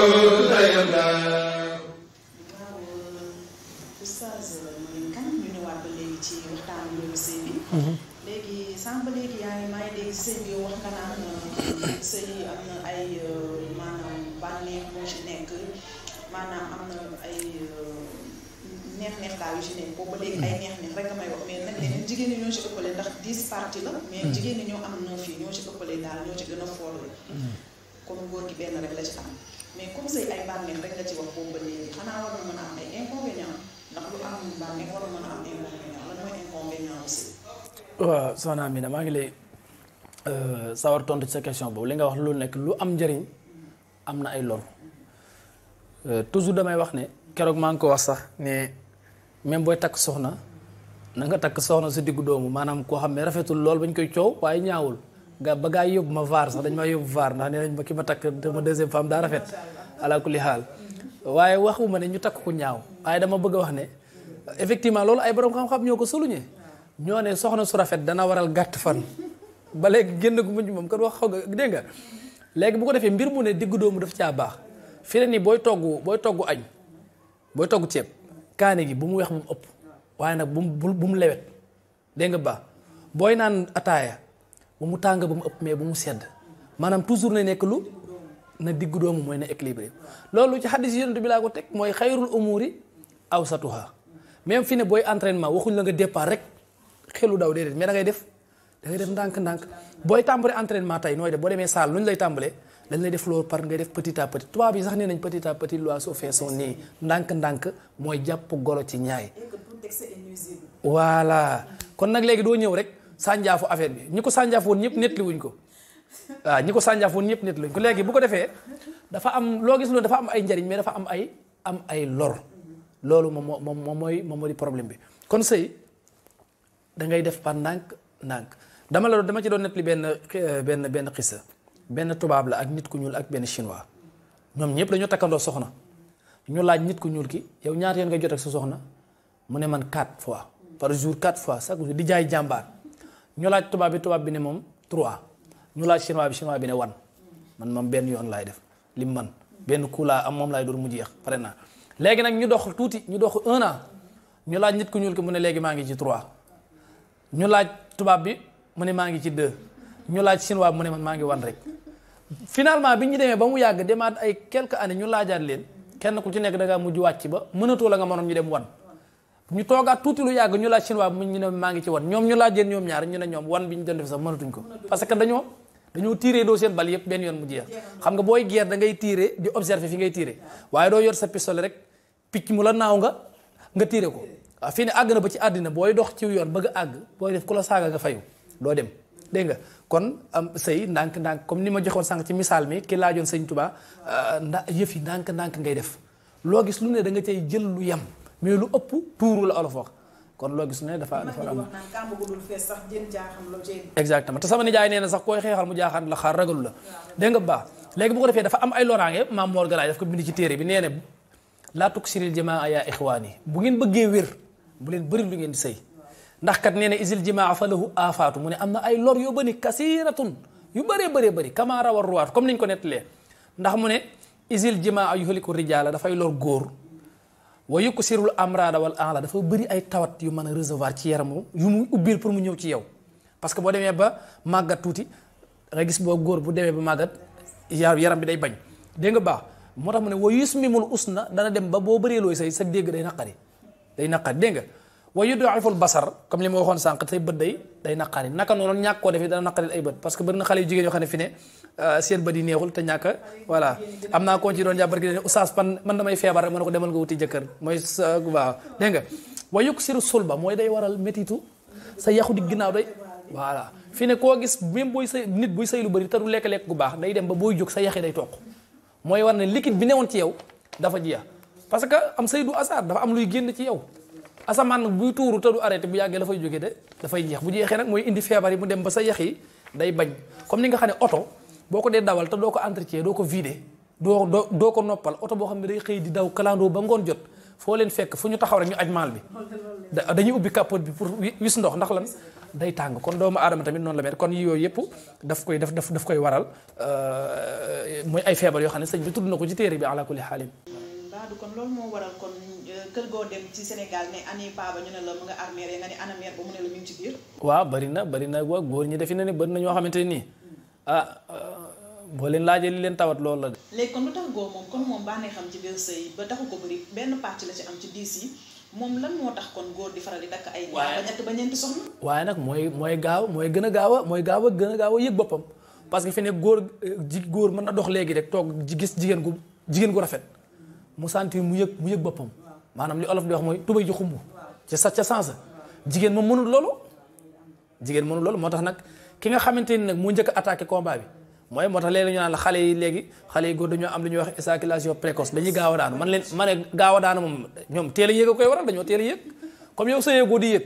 disparité la. mais mm. jigéen ñi ñoo am na mm. am na maa ngi lay euh, sawar tontu ci sa question boobu li nga wax lu nekk lu am njëriñ am na ay lor euh, toujours damay wax ne keroog maa ngi ko wax sax ne même booy takk soxna. na nga takk soxna si diggu doomu maanaam koo xam ne rafetul lool bañ koy coow waaye ñaawul nga ba gaa yóbbu ma vaar sax dañ maa yóbbu vaar ndax nee nañ ma ki ma takk ma deuxième femme daa rafet ala kulli xaal waaye waxuma ne ñu takk ku ñaaw waaye dama bëgg a wax ne effectivement loolu ay borom xam-xam ñoo ko souligné ñoo ne soxna su rafet dana waral gàtt fan ba léegi génn gu mujj moom kon wax xaw nga nga léegi bu ko defee mbir mu ne diggu doomu daf caa baax fi ne booy togg booy togg añ booy togg ceeb kaani gi bu mu weex mu ëpp waaye nag bu mu bu mu lewet dégg nga baax booy naan ataaya bu mu tàng ba mu ëpp mais bu mu sedd maanaam toujours na nekk lu na diggu doomu mooy na équilibré loolu ci xaddis yonent bi laa ko teg mooy xayrul sa awsatuha même fi ne booy entraînement waxuñ la nga départ rek xelu daw dee mais da ngay def da ngay def ndànk-ndànk booy tàmbale entraînement tey nooy def boo demee salle lu ñu lay tàmbalee dañ lay def loolu par ngay def petit à petit tubaab sax nee nañ petit à petit l'oiseau fait son nid ndànk-ndànk mooy jàpp golo ci ñaay voilà kon nag léegi doo ñëw rek sànjaafu affaire bi ñi ko sànjaafu woon ñëpp nettali ko waaw ñi ko sànjaafu woon ñëpp nettali wuñ ko léegi bu ko defee dafa am loo gis loolu dafa am ay njariñ mais dafa am ay am ay lor loolu moom moom moom mooy moo di problème bi kon sëy da def par ndànk dama la doon dama ci doon nettali benn euh, benn benn xisa benn tubaab la ak nit ku ñuul ak benn chinois ñoom ñëpp dañoo takkandoo soxna ñu laaj nit ku ñuul ki yow ñaata yoon ngay jot ak sa soxna mune man 4 fois par jour 4 fois chaque jour di jay jambar ñu laaj tuba bi tuba bi ne mom 3 ñu laaj chinois bi chinois bi ne wan man mom ben yon lay def lim man ben kula am mom lay dur mu jeex pare naa léegi nag ñu dox touti ñu dox 1 an ñu laaj nit ku ñul ko mune ne ma ngi ci 3 ñu laaj tuba bi mune ma ngi ci 2 ñu laaj chinois mune man ma ngi wan rek finalement biñu démé ba mu yàgg demaat ay quelques années ñu laajaat leen kenn ku ci nek da nga mujj wacc ba mënatoo la nga mënoon ñu dem wan ñu toogaat tuuti lu yàgg ñu laaj chinois bi ñu ne maa ngi ci wan ñoom ñu laajeen ñoom ñaar ñu ne ñoom wan bi ñu doon def sax mënatuñ ko parce que dañoo dañoo doo seen bal yëpp benn yoon mu jeex xam nga booy guerre da ngay tiiree di observer fi ngay tiiree waaye doo yor sa pistolet rek picc mu la naaw nga nga tiire ko waaw fii ne àgg na ba ci àddina booy dox ci yoon bëgg àgg booy def ku la saaga nga fayu doo dem dégg nga kon am sëy ndànk ndànk comme ni ma joxoon sànq ci misaal mi ki laajoon sëñ Tuubaa ah, nda yëf yi ndànk ndànk ngay def loo gis ne da nga cay jël lu yam mais lu ëpp tuuru la olof wax kon loo gis ne dafa dafa am exactement te sama nijaay nee na sax koy xeexal mu jaaxaan la xaar ragalu la dégg nga baax léegi bu ko defee dafa am ay loraange maam Mor Galaay daf ci téere bi nee ne laa tuksiril jimaa yaa ixwaan yi bu ngeen bëggee wér bu leen bëri lu ngeen di sëy ndax kat nee jimaa fa lahu aafaatu mu ne am na ay lor yu bëri kasiratun yu bëree bëree bëri kama rawar ruwaat comme niñ ko nettalee ndax mu ne isil jimaa yuxaliku rijaala dafay lor góor wa yëkku sirul amrada wal ala dafa bëri ay tawat yu mën a recevoir ci yaramu yu mu ubbil pour mu ñëw ci yow parce que boo demee ba màggat tuuti da gis boo góor bu demee ba màggat yaram bi day bañ dégg nga baax moo tax mu ne wa yusmimul usna dana dem ba boo bëree looy say sa dégg day naqari day naqari dégg wa yud'iful basar comme li ma sank tay beud day day nakari naka noonu ñak ko def dana nakari ay beud parce que beurna xali xale yo xane fi ne euh, seen beud yi neexul te ñaka voilà amna ko ci doon jabar gi oustaz pan man damay febar rek ko demal nga wuti jeuker moy wa de nga wa yuksiru sulba moy day waral metitu sa yaxu ginaaw day voilà fi ne ko gis bim boy sey nit boy sey lu beuri te du lek lekk gu bax day dem ba boy juk sa yaxi day tok moy war ne liquide bi neewon ci yow dafa jiya parce que am seydou du asar dafa am luy genn ci yow asamaan nag buy tuuru te du arrêté bu yàggee dafay jóge de dafay jeex bu jeexee nag mooy indi feebar yi mu dem ba sa yax yi day bañ comme ni nga xam ne oto boo ko dee dawal te doo ko entretien doo ko vider doo doo doo ko noppal oto boo xam ne day xëy di daw kalandoo ba ngoon jot foo leen fekk fu ñu taxaw rek ñu aj maal bi dañuy ubbi capote bi pour wis ndox ndax lan day tàng kon doomu aadama tamit noonu la mel kon yooyu yëpp daf koy daf daf koy waral euh, mooy ay yoo xam ne sëñ tudd na ko ci téere bi ala kulli xaalim Daadu kon loolu moo waral kon euh, kër goo dem ci senegal ne ani paa ba ñu ne la mu nga armeer nga ne ana meer ba mu ne la ñu ngi ci biir. waaw bari na bari na waaw góor ñi defi na ne bari na ñoo xamante nii hmm. ah euh, boo leen li leen tawat loolu la de. léegi kon lu ba taxu ko bëri benn pàcc la ci am ci diis yi moom lan moo tax kon góor di faral di takk ay. waaye ba ñett ba ñeenti soxna. waaye nag mooy mooy gaaw mooy gën a gaaw a mooy gaaw a gën a gaawa a yëg boppam parce que fi ne góor euh, ji góor mën na dox léegi rek toog gis jigéen gu jigéen gu rafet mu sentir mu yëg mu yëg boppam maanaam li olof di wax mooy tubay ji xumb ci sa ca sens jigéen moom mënul loolu jigéen mënul loolu moo tax nag ki nga xamante ni nag moo njëkk a attaqué combat bi moo tax léegi ñu naan la xale yi léegi xale yi góor ñuy wax éjaculation précoce dañuy gaaw a daanu man leen ma ne gaaw moom ñoom teel koy waral dañoo teel a comme yow sa yéegoo di yéeg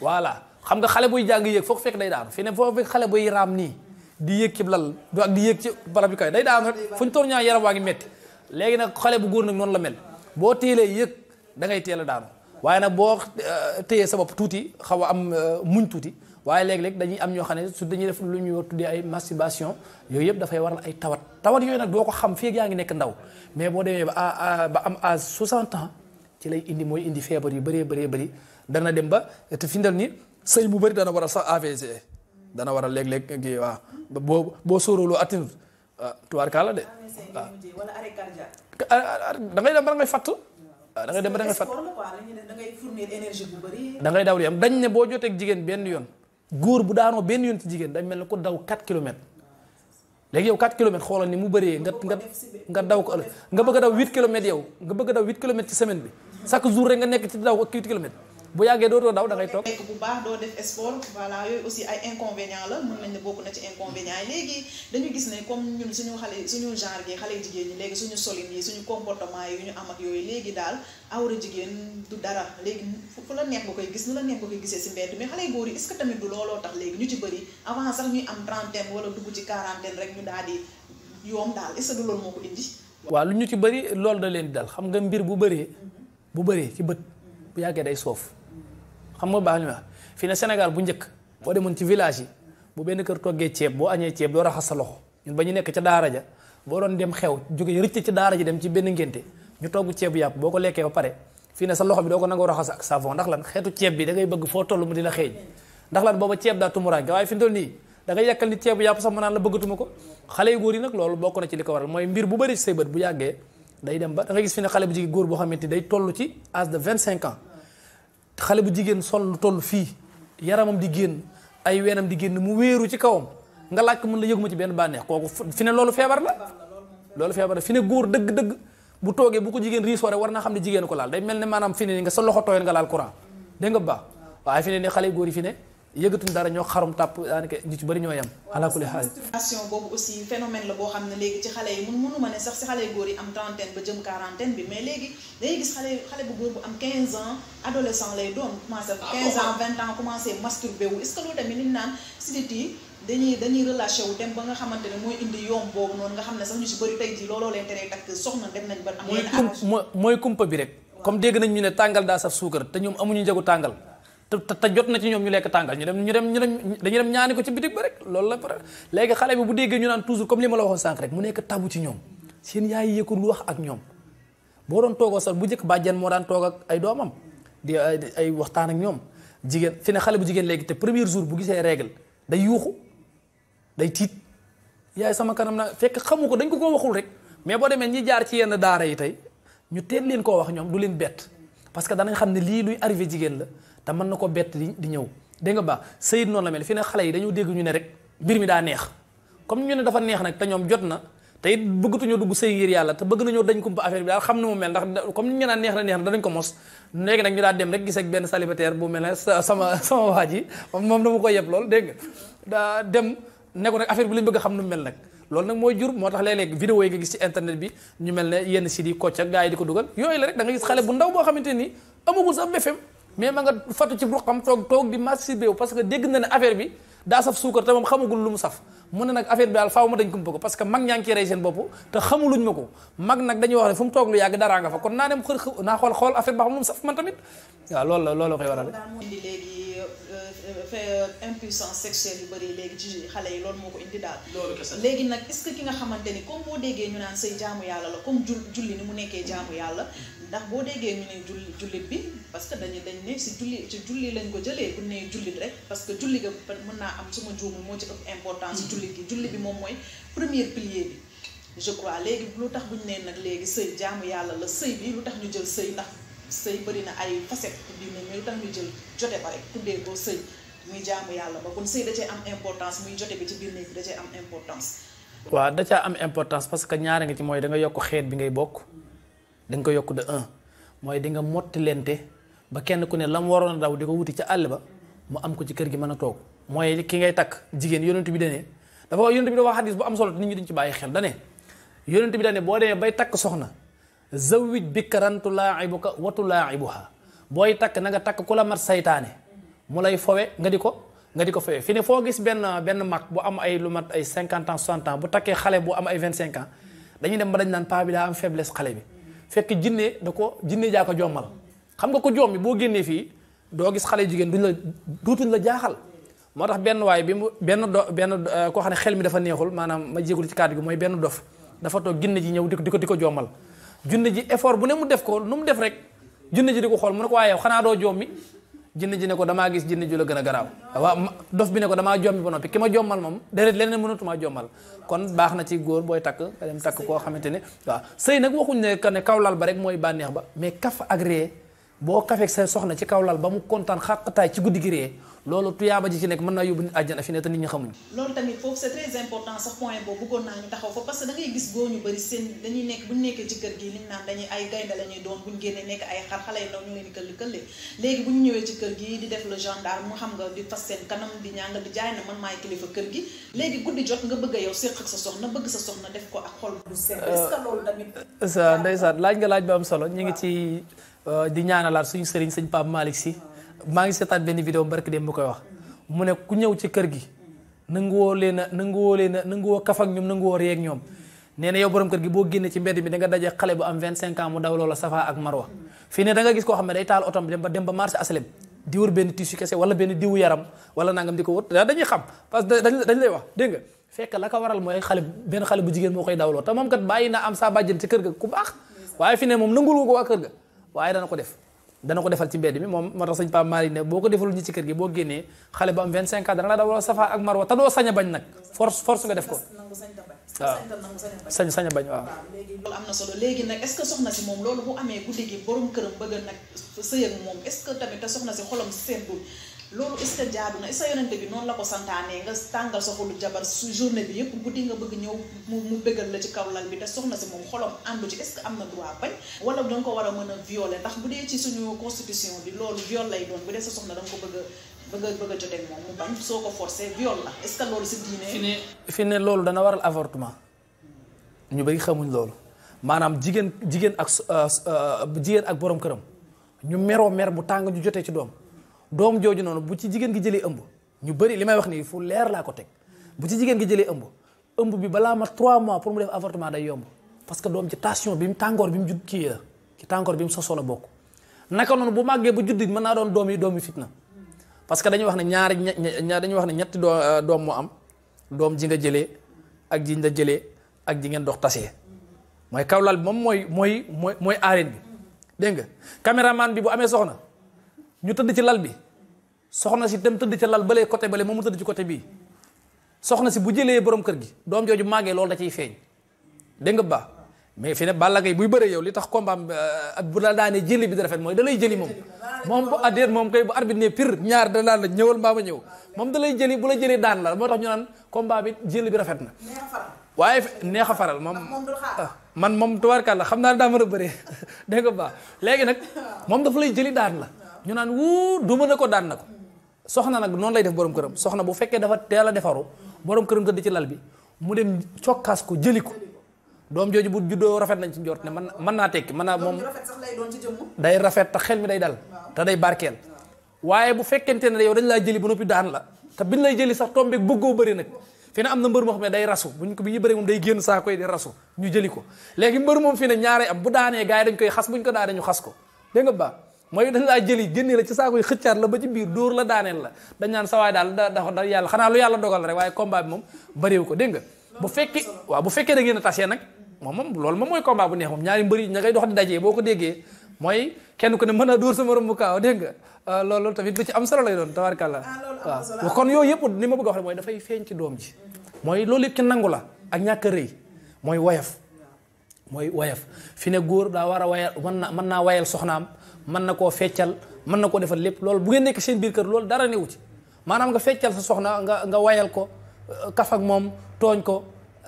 voilà xam nga xale buy jàng yéeg foog fekk day daanu fi ne foo fekk xale buy raam nii di yéeg ci lal ak bi kay day daanu rek fu ñu toor ñaa yaram waa ngi metti léegi nag xale bu góor nag noonu la mel boo teelee yëg dangay ngay teel a daanu waaye nag boo euh, téyee sa bopp tuuti xaw a am euh, muñ tuuti waaye léeg-léeg dañuy am ñoo xam ne su dañuy def lu ñuy tuddee ay masturbation yooyu yëpp dafay waral ay tawat tawat yooyu nag doo ko xam fii yaa ngi nekk ndaw mais boo demee ba ba am à 60 ans ci lay indi mooy indi feebar yu bëree bëree bari dana dem ba te fi ndal ni sëy mu bëri dana war a sax AVC dana war a léeg-léeg kii waaw boo boo sóoraloo attinut ah tubaarkaala de. waaw da ngay dem ba da ngay fatt. da ngay dem ba da ngay fatt da ngay da ngay daw li dañ ne boo joteeg jigéen benn yoon. góor bu daanoo benn yoon ci jigéen dañ mel ne ko daw 4 kilomètres. léegi yow 4 kilomètres xoolal ni mu bëree nga nga nga daw ko ëllëg nga a daw 8 kilomètres nga bëgg a daw 8 kilomètres ci semaine bi chaque jour rek nga nekk ci daw ak 8 kilomètres. bu yàggee dootoo daw da ngay toog bu baax doo def sport voilà yooyu aussi ay inconvénient la mën nañ ne bokk na ci inconvénient yi léegi dañu gis ne comme ñun suñu xale suñu genre gi xale jigéen ñi léegi suñu solin yi suñu comportement yi ñu am ak yooyu léegi daal awra jigéen du dara léegi fu la neex nga koy gis nu la neex nga koy gisee si mbedd mais xale góor yi du looloo léegi ñu ci bëri avant sax ñuy am trentaine wala dugg ci quarantaine rek ñu daal di yoom daal est-ce que du loolu moo ko indi waaw lu ñu ci bëri loolu da leen di dal xam nga mbir bu bëree bu bëree ci bët bu yàggee day soof xam nga baax wax fi na sénégal bu njëkk boo demoon ci village yi bu benn kër toggee ceeb boo añee ceeb doo raxas sa loxo ñun ba ñu nekk ca daara ja boo doon dem xew jóge rëcc ci daara ji dem ci benn ngénte ñu togg ceeb yàpp boo ko lekkee ba pare fi ne sa loxo bi doo ko nangoo raxas ak savon ndax lan xeetu ceeb bi da ngay bëgg foo toll mu di la xeeñ ndax lan booba ceeb daa ga waaye fi mu toll da ngay yàkkal ni ceeb yàpp sax mu naan la bëggatuma ko xale yu góor yi nag loolu bokk na ci li ko waral mooy mbir bu bari say bët bu yàggee day dem ba da nga gis fi ne xale bu jigi góor boo xamante day toll ci âge de 25 ans xale bu jigéen sol lu toll fii yaramam di génn ay weenam di génn mu wéeru ci kawam nga laaj mun mën la yëguma ci benn bànneex kooku fi ne loolu feebar la loolu feebar la fi ne góor dëgg-dëgg bu toogee bu ko jigéen riisoore war naa xam ne jigéen ko laal day mel ne maanaam fi ne nga sa loxo tooyoon nga laal courant dégg nga baax waaye fi ne ne xale góor yi fine yëgatuñ dara ñoo xarum tàpp daanaka ñu ci bëri ñoo yem. ala kulli xaal boobu aussi phénomène la boo xam ne léegi ci xale yi mun mënu ma ne sax si xale yu góor yi am trentaine ba jëm quarantaine bi mais léegi day am 15 ans adolescent lay doon commencé 15 ah, ans 20 ans commencé masturbé wu est li ñu naan dañuy dañuy relâché wu nga xamante ne mooy indi yoom boobu noonu nga xam ne sax ñu looloo leen teree takk soxna dem nañ ba am. mooy kumpa bi rek comme dégg nañ ñu ne tàngal daa sax suukar te ñoom amuñu njëgu tàngal te te jot na ci ñoom ñu lekk tàngal ñu dem ñu dem ñu dem dañu dem ñaani ko ci bitig ba rek loolu la pare léegi xale bi bu déggee ñu naan toujours comme li ma la waxoon sànq rek mu nekk tabu ci ñoom seen yaay wax ak ñoom boo doon toogoo sax bu njëkk bàjjen moo daan toog ak ay doomam di ay waxtaan ak ñoom jigéen fi ne xale bu jigéen léegi te premier jour bu gisee règle day yuuxu day tiit yaay sama kanam na fekk xamu ko dañ ko ko waxul rek mais boo demee ñi jaar ci yenn daara yi tey ñu teel leen koo wax ñoom du leen bett parce que danañ xam ne lii luy arrivé jigéen la te mën na ko bett di ñëw dégg nga baax sëyit noonu la mel fi ne xale yi dañu dégg ñu ne rek mbir mi daa neex comme ñu ne dafa neex nag te ñoom jot na te it bëggatuñoo dugg sëy ngir yàlla te bëgg nañoo dañ kumpa affaire bi daal xam ne mu ndax comme ñu naan neex na neex na ko mos léegi nag ñu daa dem rek gis ak benn célibataire bu mel ne sama sama waa ji moom dama koy yeb lool dégg nga dem ne ko nag affaire bi lañ bëgg xam nu mel nag loolu nag mooy jur moo tax léeg-léeg vidéo yi nga gis ci internet bi ñu mel ne yenn si di kocca gaa yi di ko dugal yooyu la rek da nga gis xale bu ndaw boo xamante ni amagul sax BFM mais ma nga fatu ci ruqam toog toog di masturbé wu parce que dégg na ne affaire bi daa saf suukar te moom xamagul lu mu saf mu ne nag affaire bi daal faaw ma dañ kumpa ko parce que mag daraa nga fa kon naa dem xër naa xool xool affaire ba man tamit la loolu la koy waral euh, euh, impuissance sexuelle yi loolu moo ko indi daal. loolu kese léegi nag est-ce que ki nga xamante ni comme boo déggee ñu naan say jaamu yàlla la comme julli ni mu nekkee jaamu yàlla. ndax boo déggee ñu ne julli jullit bi parce que dañu dañ ne si julli ci julli lañ ko jëlee bu ne jullit rek parce que julli ga mën naa am suma juumu moo ci ëpp importance julli gi moom mooy premier pilier bi je crois léegi lu tax bu ñu nee nag léegi sëy jaamu yàlla la sëy bi lu tax ñu jël sëy ndax sëy bëri na ay facette bi moom lu tax ñu jël jote ba rek tuddee ko sëy muy jaamu yàlla ba kon sëy da am importance muy jote bi ci biir néeg bi da cee am importance. waa da caa am importance parce que ñaare mooy da nga yokk xeet bi ngay bokk. da nga ko yokk de un mooy di nga motti lente ba kenn ku ne la mu waroon a daw di ko wuti ca àll ba mu am ko ci kër gi mën a toog mooy ki ngay takk jigéen yonent bi dane dafa wax yonent bi dafa wax xadis bu am solo nit ñi ci bàyyi xel dane yonent bi dane boo demee bay takk soxna zawij bikaran tulaa'ibuka wa tulaa'ibuha booy takk na nga takk ku la mat saytaane mu lay fowe nga di ko nga di ko fowe fi ne foo gis benn benn mag bu am ay lu mat ay cinquante ans soixante ans bu takkee xale bu am ay vingt cinq ans dañuy dem ba dañ naan paa bi daa am faiblesse xale bi fekk jinne da ko jinne jaa ko jommal xam nga ko jommi boo génnee fii doo gis xale jigéen duñ la duutuñ la jaaxal moo tax benn waay bi mu benn do benn euh, koo xam ne xel mi dafa neexul maanaam ma jégalu ci kàddu gi mooy benn dof dafa toog jinne ji ñëw di ko di ko jommal jinne ji effort bu ne mu def ko nu mu def rek jinne ji di ko xool mu ne ko waaye yow xanaa doo jommi jinne ji ne ko damaa gis jinne ji la gën a garaaw waaw dof bi ne ko damaa jommi ba noppi ki ma jommal moom déedéet leneen mënatumaa jommal kon baax na ci góor booy takk nga dem takk koo xamante ne waa sëy nag waxuñ ne que ne kawlal ba rek mooy bànneex ba mais kaf ak ree boo kafeeg sa soxna ci kawlal ba mu kontaan xàqtaay ci guddi gi ree loolu tuyaaba ji ci nekk mën naa yóbbu nit àjjana fi ne te nit ñi xamuñ loolu tamit foofu c'est très nekk buñ nekkee ci kër gi liñ naan dañuy ay gaynde la ñuy doon nekk ay xar xale yi ndaw ñu leen di këll ñëwee ci kër gi di def le gendarme mu xam nga di fas seen kanam di ñàng di jaay na man maay kilifa kër gi léegi guddi jot nga bëgg yow séq ak sa soxna bëgg sa soxna def ko ak xol bu set euh, laaj nga laaj ba am solo ñu ngi ci euh, di ñaanalaat suñu sëriñ sëñ Pape Malick si maa ngi seetaan benn vidéo barki dem bu koy wax mu ne ku ñëw ci kër gi nanguwoo leen a nanguwoo leen a nanguwoo kaf ak ñoom nanguwoo ree ñoom nee na yow borom kër gi boo génnee ci mbedd mi da nga daje xale bu am 25 ans mu daw loola safa ak marwa fii ne da gis koo xam ne day taal otom bi dem ba dem ba marché aslem di wër benn tissu kese wala benn diwu yaram wala nangam di ko wër dañuy xam parce que dañ dañ lay wax dégg nga fekk la ko waral mooy benn xale bu jigéen moo koy dawloo te moom kat bàyyi na am saa bàjjen ci kër ga ku baax waaye fi ne ko waa waaye dana ko def dana ko defal ci mbedd mi moom moo tax sëñ Pape Malick ne boo ko defalul ñi ci kër gi boo génnee xale ba am 25 ans dana la dawal safa ak marwa te doo a bañ nag force force nga def ko waaw sañ sañ a bañ waaw solo léegi nag est-ce que soxna si moom loolu bu amee guddi gi borom këram bëgg nag sëy ak moom est-ce que tamit te soxna si xolam seddul loolu est-ce que jaadu na est-ce que yonente bi noonu la ko santaanee nga tàngal sa xolu jabar su journée bi yëpp guddi nga bëgg ñëw mu mu bëggal la ci kaw lal bi te soxna si moom xolam àndu ci est-ce que am na droit bañ wala danga ko war a mën a violer ndax bu dee ci suñu constitution bi loolu viol lay doon bu dee sa soxna danga ko bëgg a bëgg a bëgg a joteeg moom mu bañ soo ko forcer viol la est-ce que loolu si diine fi ne loolu dana waral avortement ñu bëri xamuñ loolu maanaam jigéen jigéen ak euh, euh, jigéen ak borom këram ñu meroo mer bu tàng ñu jotee ci doom dom joju noonu bu ci jigen gi jeli ëmb ñu bari limay wax ni fu leer la ko tek bu ci jigen gi jeli ëmb ëmb bi bala ma 3 mois pour mu def avortement day yomb parce que dom ci tension bi mu tangor bi mu judd ki la ci tàngoor bi mu soso la bok naka noonu bu magge bu judd mën naa doon doom yi dom yi fitna parce que dañu wax ni ñaar ñaar dañu wax ni ñetti dom euh, mo am dom ji nga jëlee ak ji nga jëlee ak ji ngeen dox tassé moy kawlal bi moy moy moy arène bi deng nga cameraman bi bu amé soxna ñu tëdd ci lal bi soxna si dem tëdd ci lal balee côté bale moom mu tëdd ci coté bii soxna si bu jëlee borom kër gi doom jooju màggee loolu da ciy feeñ dégg nga mais fi ne Balla Gaye buy bëree yow li tax combat euh, bu la daanee jëli bi da rafet mooy da jëli moom moom bu moom kay bu arbitre ne pire ñaar da naan la ñëwal mbaa ma ñëw moom da lay jëli bu la jëlee daan la moo tax ñu naan combat bi jëli bi rafet na waaye neex a faral moom ah, man moom tubaarkàlla xam naa daa mën a bëree dégg nga ba léegi nag moom dafa lay jëli daan la ñu naan wuu du mën a ko daan na soxna nag noonu lay def borom këram soxna bu fekkee dafa teel la defaru boroom këram tëdd ci lal bi mu dem cokkaas ko jëli ko doom jooju bu juddoo rafet nañ ci njort ne man mën naa tekki mën naa moom day rafet tax xel mi day dal te day barkeel waaye bu fekkente ne yow dañ laa jëli ba noppi daan la te biñ lay jëli sax tombeeg bëggoo bëri nag fi ne am na mbër moo xam ne day rasu buñ ko bi ñu bëree moom day génn saa koy di rasu ñu jëli ko léegi mbër moom fi ne ñaare am bu daanee gars dañ koy xas buñ ko daanee ñu xas ko dégg nga ba moy da nga jeli génne la ci sa koy xëccar la ba ci biir door la daanel la dañ naan sa way dal da da da yàlla xanaa lu yalla dogal rek waye combat bi moom bëriwu ko deeng nga bu fekke wa bu fekke da ngeen tassé nak mom mom lool mom moy combat bu neex mom ñaari mbeuri ñay dox di dajé boko déggé moy kenn ku ne mëna door sa morom bu kaaw deeng nga ah, lool tamit lu ci am solo lay doon tabarkàlla ah, kon yoy yëpp ni ma bëgg wax moy da fay feeñ ci doom ji moy lool yëpp ci nangu ak ñaaka reey moy wayef moy wayef fi ne goor da wara wayal man na wayal soxnam mën na koo feccal mën na koo defal lépp loolu bu ngeen nekk seen biir kër loolu dara newu ci maanaam nga feccal sa soxna nga nga wayal ko euh, kaf ak moom tooñ ko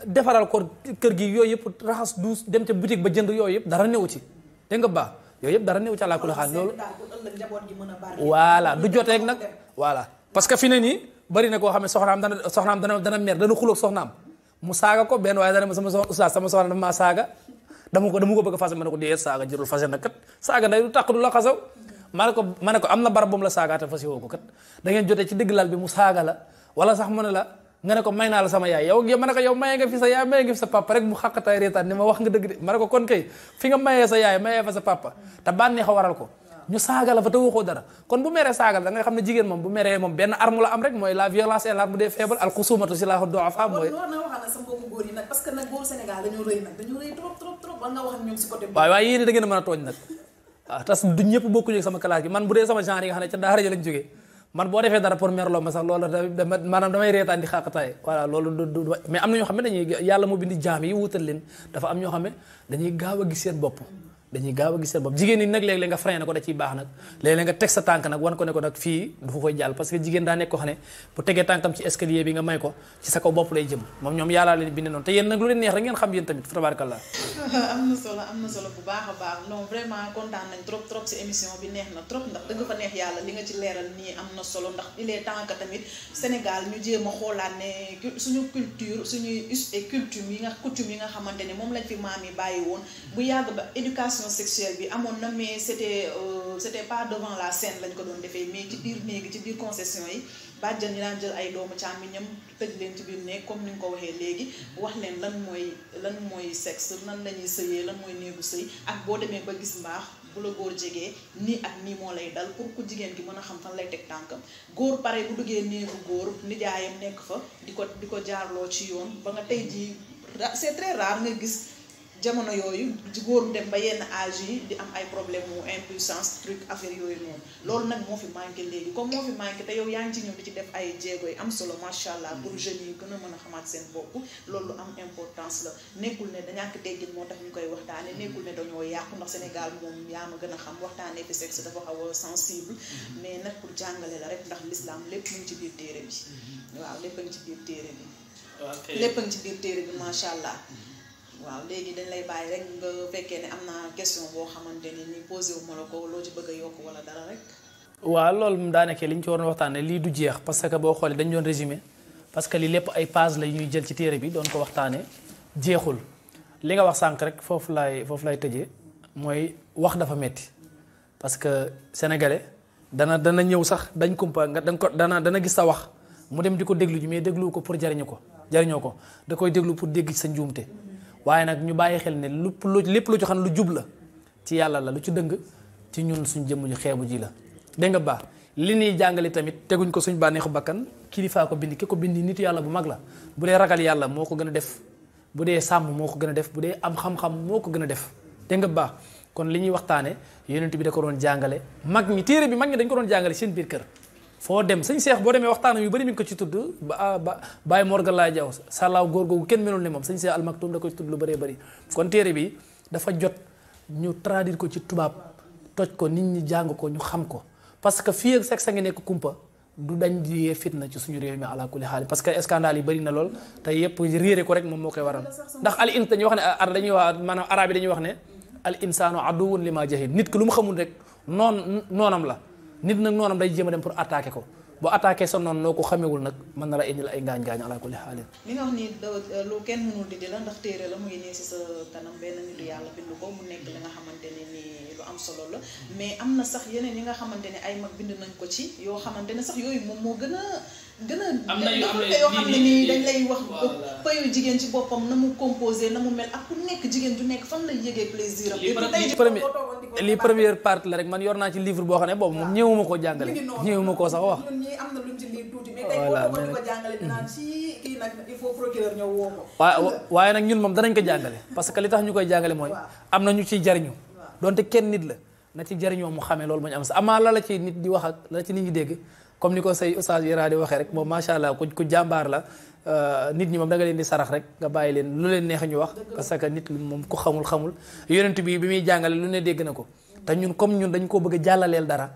defaral ko kër gi yooyu yëpp raxas duus dem ca boutique ba jënd yooyu yëpp dara newu ci dégg nga baax yooyu yëpp dara newu ci àlaakuli xaal loolu voilà du joteeg nag waala parce que fi ne nii bari na koo xam ne soxnaam dana soxnaam dana dana mer dana xulóog soxnaam mu saaga ko benn waaye dana ma sama soxna oustaz sama soxna daf maa saaga dama ko dama ko bëgg a fase ma ne ko dee saaga jërul fase na kat saaga nday du tàq du la xasaw ma ko ma ne ko am na barab boobu la saagaate fase ko kat da ngeen jotee ci digg lal bi mu saaga la wala sax mu ne la nga ne ko may naa la sama yaay yow ma ne ko yow maye nga fi sa yaay maye nga fi sa papa rek mu xàqataay reetaan ni ma wax nga dëgg de ma ne ko kon kay fi nga mayee sa yaay mayee fa sa papa te bànneex a waral ko ñu saaga la fa te waxoo dara kon bu mere saaga la da xam ne jigéen moom bu meree moom benn arme la am rek mooy la violence dee l'arme des faibles al xusumatu silaahu duafa mooy waaw waaye yéen da ngeen a mën a tooñ nag waaw tas du ñëpp bokkuñu ak sama classe gi man bu dee sama genre yi nga xam ne ca daara ja lañ man boo defee dara pour merloo ma sax loolu dama maanaam damay reetaan di xaqataay voilà loolu du du mais am na ñoo xam ne dañuy yàlla moo bindi jaam yi wutal leen dafa am ñoo xam ne dañuy gaaw a seen bopp dañuy gaaw a gis bopp jigéen ñi nag léeg-léeg nga freiné ko da ciy baax nag léeg-léeg nga teg sa tànk nag wan ko ne ko nag fii du fa koy jàll parce que jigéen daa nekk ko xam ne bu tegee tànkam ci escalier bi nga may ko ci sa tamit am na solo am na solo bu baax a baax non vraiment kontaan nañ trop trop si émission bi Sénégal ñu jéem a xoolaat ne suñu culture suñuy us et yi nga coutume yi nga xamante ne moom lañ fi maam yi bàyyi woon bu yàgg ba relation sexuelle bi amoon na mais c'était euh, c'était pas devant la scène lañ ko doon defee mais ci biir néegi ci biir concession yi bàjjan yi daan jël ay doomu càmmiñam tëj leen ci biir néeg comme ni nga ko waxee léegi wax leen lan mooy lan mooy sexe nan la ñuy sëyee lan mooy néegu sëy ak boo demee ba gis mbaax bu la góor jegee nii ak nii moo lay dal pour ku jigéen gi mën a xam fan lay teg tànkam góor pare bu duggee néegu góor nijaayam nekk fa di ko di ko jaarloo ci yoon ba nga tey jii c'est très rare nga gis jamono yooyu góor dem ba yenn âge yi di am ay problème mu impuissance truc affaire yooyu noonu loolu nag moo fi manqué léegi comme moo fi manqué te yow yaa ngi ci ñëw di ci def ay jéego yi am solo macha allah pour jeunes yi gën a mën a xamaat seen bopp loolu am importance la nekkul ne dañàkk déggin moo tax ñu koy waxtaane nekkul ne dañoo yàqu ndax Sénégal moom yaa ma gën a xam waxtaanee fi sexe dafa xaw a sensible mm-hmm. mais nag pour jàngale la rek ndax l'islam lépp mu ci biir téere bi mm-hmm. waaw lépp a ci biir téere lépp a ci biir téere bi macha allah mm-hmm. waaw léegi dañ lay bàyyi rek nga fekkee ne am na question boo xamante ni posé wu ko loo ci bëgg a yokk wala dara rek. waaw loolu mu daanaka li ñu ci waroon waxtaanee lii du jeex parce que boo xoolee dañ doon résumé parce que lii lépp ay page la ñuy jël ci téere bi doon ko waxtaanee jeexul li nga wax sànq rek foofu laay foofu laay tëjee mooy wax dafa metti parce que sénégalais dana dana ñëw sax dañ kumpa nga danga ko dana dana gis sa wax mu dem di ko déglu ji mais déglu ko pour jariñu ko jariñoo ko da koy déglu pour dégg sa njuumte. waaye nag ñu bàyyi xel ne lu lépp lu ci xam lu jub la ci yàlla la lu ci dëng ci ñun suñ jëmm ju xeebu ji la dégg baax li ñuy jàngale tamit teguñ ko suñ bànneexu bakkan kilifaa ko bind ki ko bind nit yàlla bu mag la bu dee ragal yàlla moo ko gën a def bu dee sàmm moo ko gën a def bu dee am xam-xam moo ko gën a def dégg nga baax kon li ñuy waxtaane yonent bi da ko doon jàngale mag ñi téere bi mag ñi dañ ko doon jàngale seen biir kër foo dem sëñ Cheikh boo demee waxtaanam yu bëri mi ngi ko ci tudd ba ah, ba laa jaw salaaw góor googu kenn melul ne moom sëñ Cheikh Almaktoum da koy tudd lu bëree bëri kon téere bi dafa jot ñu traduire ko ci tubaab toj ko nit ñi jàng ko ñu xam ko parce que fii ak sexe ngi nekk kumpa du dañ di yee fitna ci suñu réew mi ala kulli xaal parce que scandale yi bëri na lool te yëpp réere ko rek moom moo koy waral ndax al ins dañuy wax ne ar dañuy wax maanaam arab yi dañuy ne al insaanu aduwun li ma jahil nit ki lu mu xamul rek noon noonam la nit nak nonam day jema dem pour attaquer ko bo attaquer sa non noo xamewul nak man na la indil ay gañ ngaañ ala kulli xaalin li nga wax ni eh, lu kenn mënul di di la ndax téré la mu ngi ni ci sa tanam ben benn lu yalla bindu ko mu nekk li nga xamanteni ni lu am solo la mm-hmm. mais amna sax yeneen yi nga xamanteni ay mag bind nañ ko ci yo xamanteni sax yoy mom mo gëna gën a. am na yoo xam ne jigéen ci boppam na mu composé na mu mel jigéen ju nekk fan lay yëgee plaisir am. lii première partie la rek man yor naa ci livre boo xam ne boobu moom ñëwuma koo jàngale. ñëwuma koo sax wax. voilà waaw waaye nag ñun moom danañ ko jàngale. parce que li tax ñu koy jàngale mooy. am na ñu ciy jariñu. donte kenn nit la na ci jariñoo mu xamee loolu ma ñu am sax amaa la la ci nit di wax ak la ci nit ñi dégg comme ni ko say oustaz Yara waxee rek moom macha allah ku ku jàmbaar la euh, nit ñi moom danga leen di sarax rek nga bàyyi leen lu leen neex ñu wax parce que nit moom ku xamul xamul yonent bi bi muy jàngale lu ne dégg na ko te ñun comme ñun dañ ko bëgg a jàllaleel dara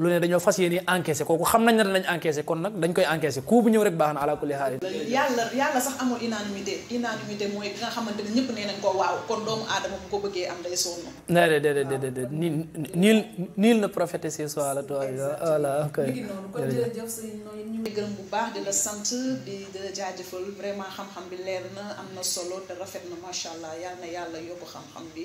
lu ne dañoo fas yéene encaissé kooku xam nañ ne danañ encaissé kon nag dañ koy encaissé ku bu ñëw rek baax na ala kulli haal. ko waaw kon doomu aadama ko bëggee am day sonn. nee na déedéet déedéet nii nii nii la prophète ce soir la toi voilà. jërëjëf kon ñu ngi gërëm bu baax di sant di di la jaajëfal xam-xam bi leer na am na solo te rafet na macha allah yàlla yàlla yóbbu xam-xam bi.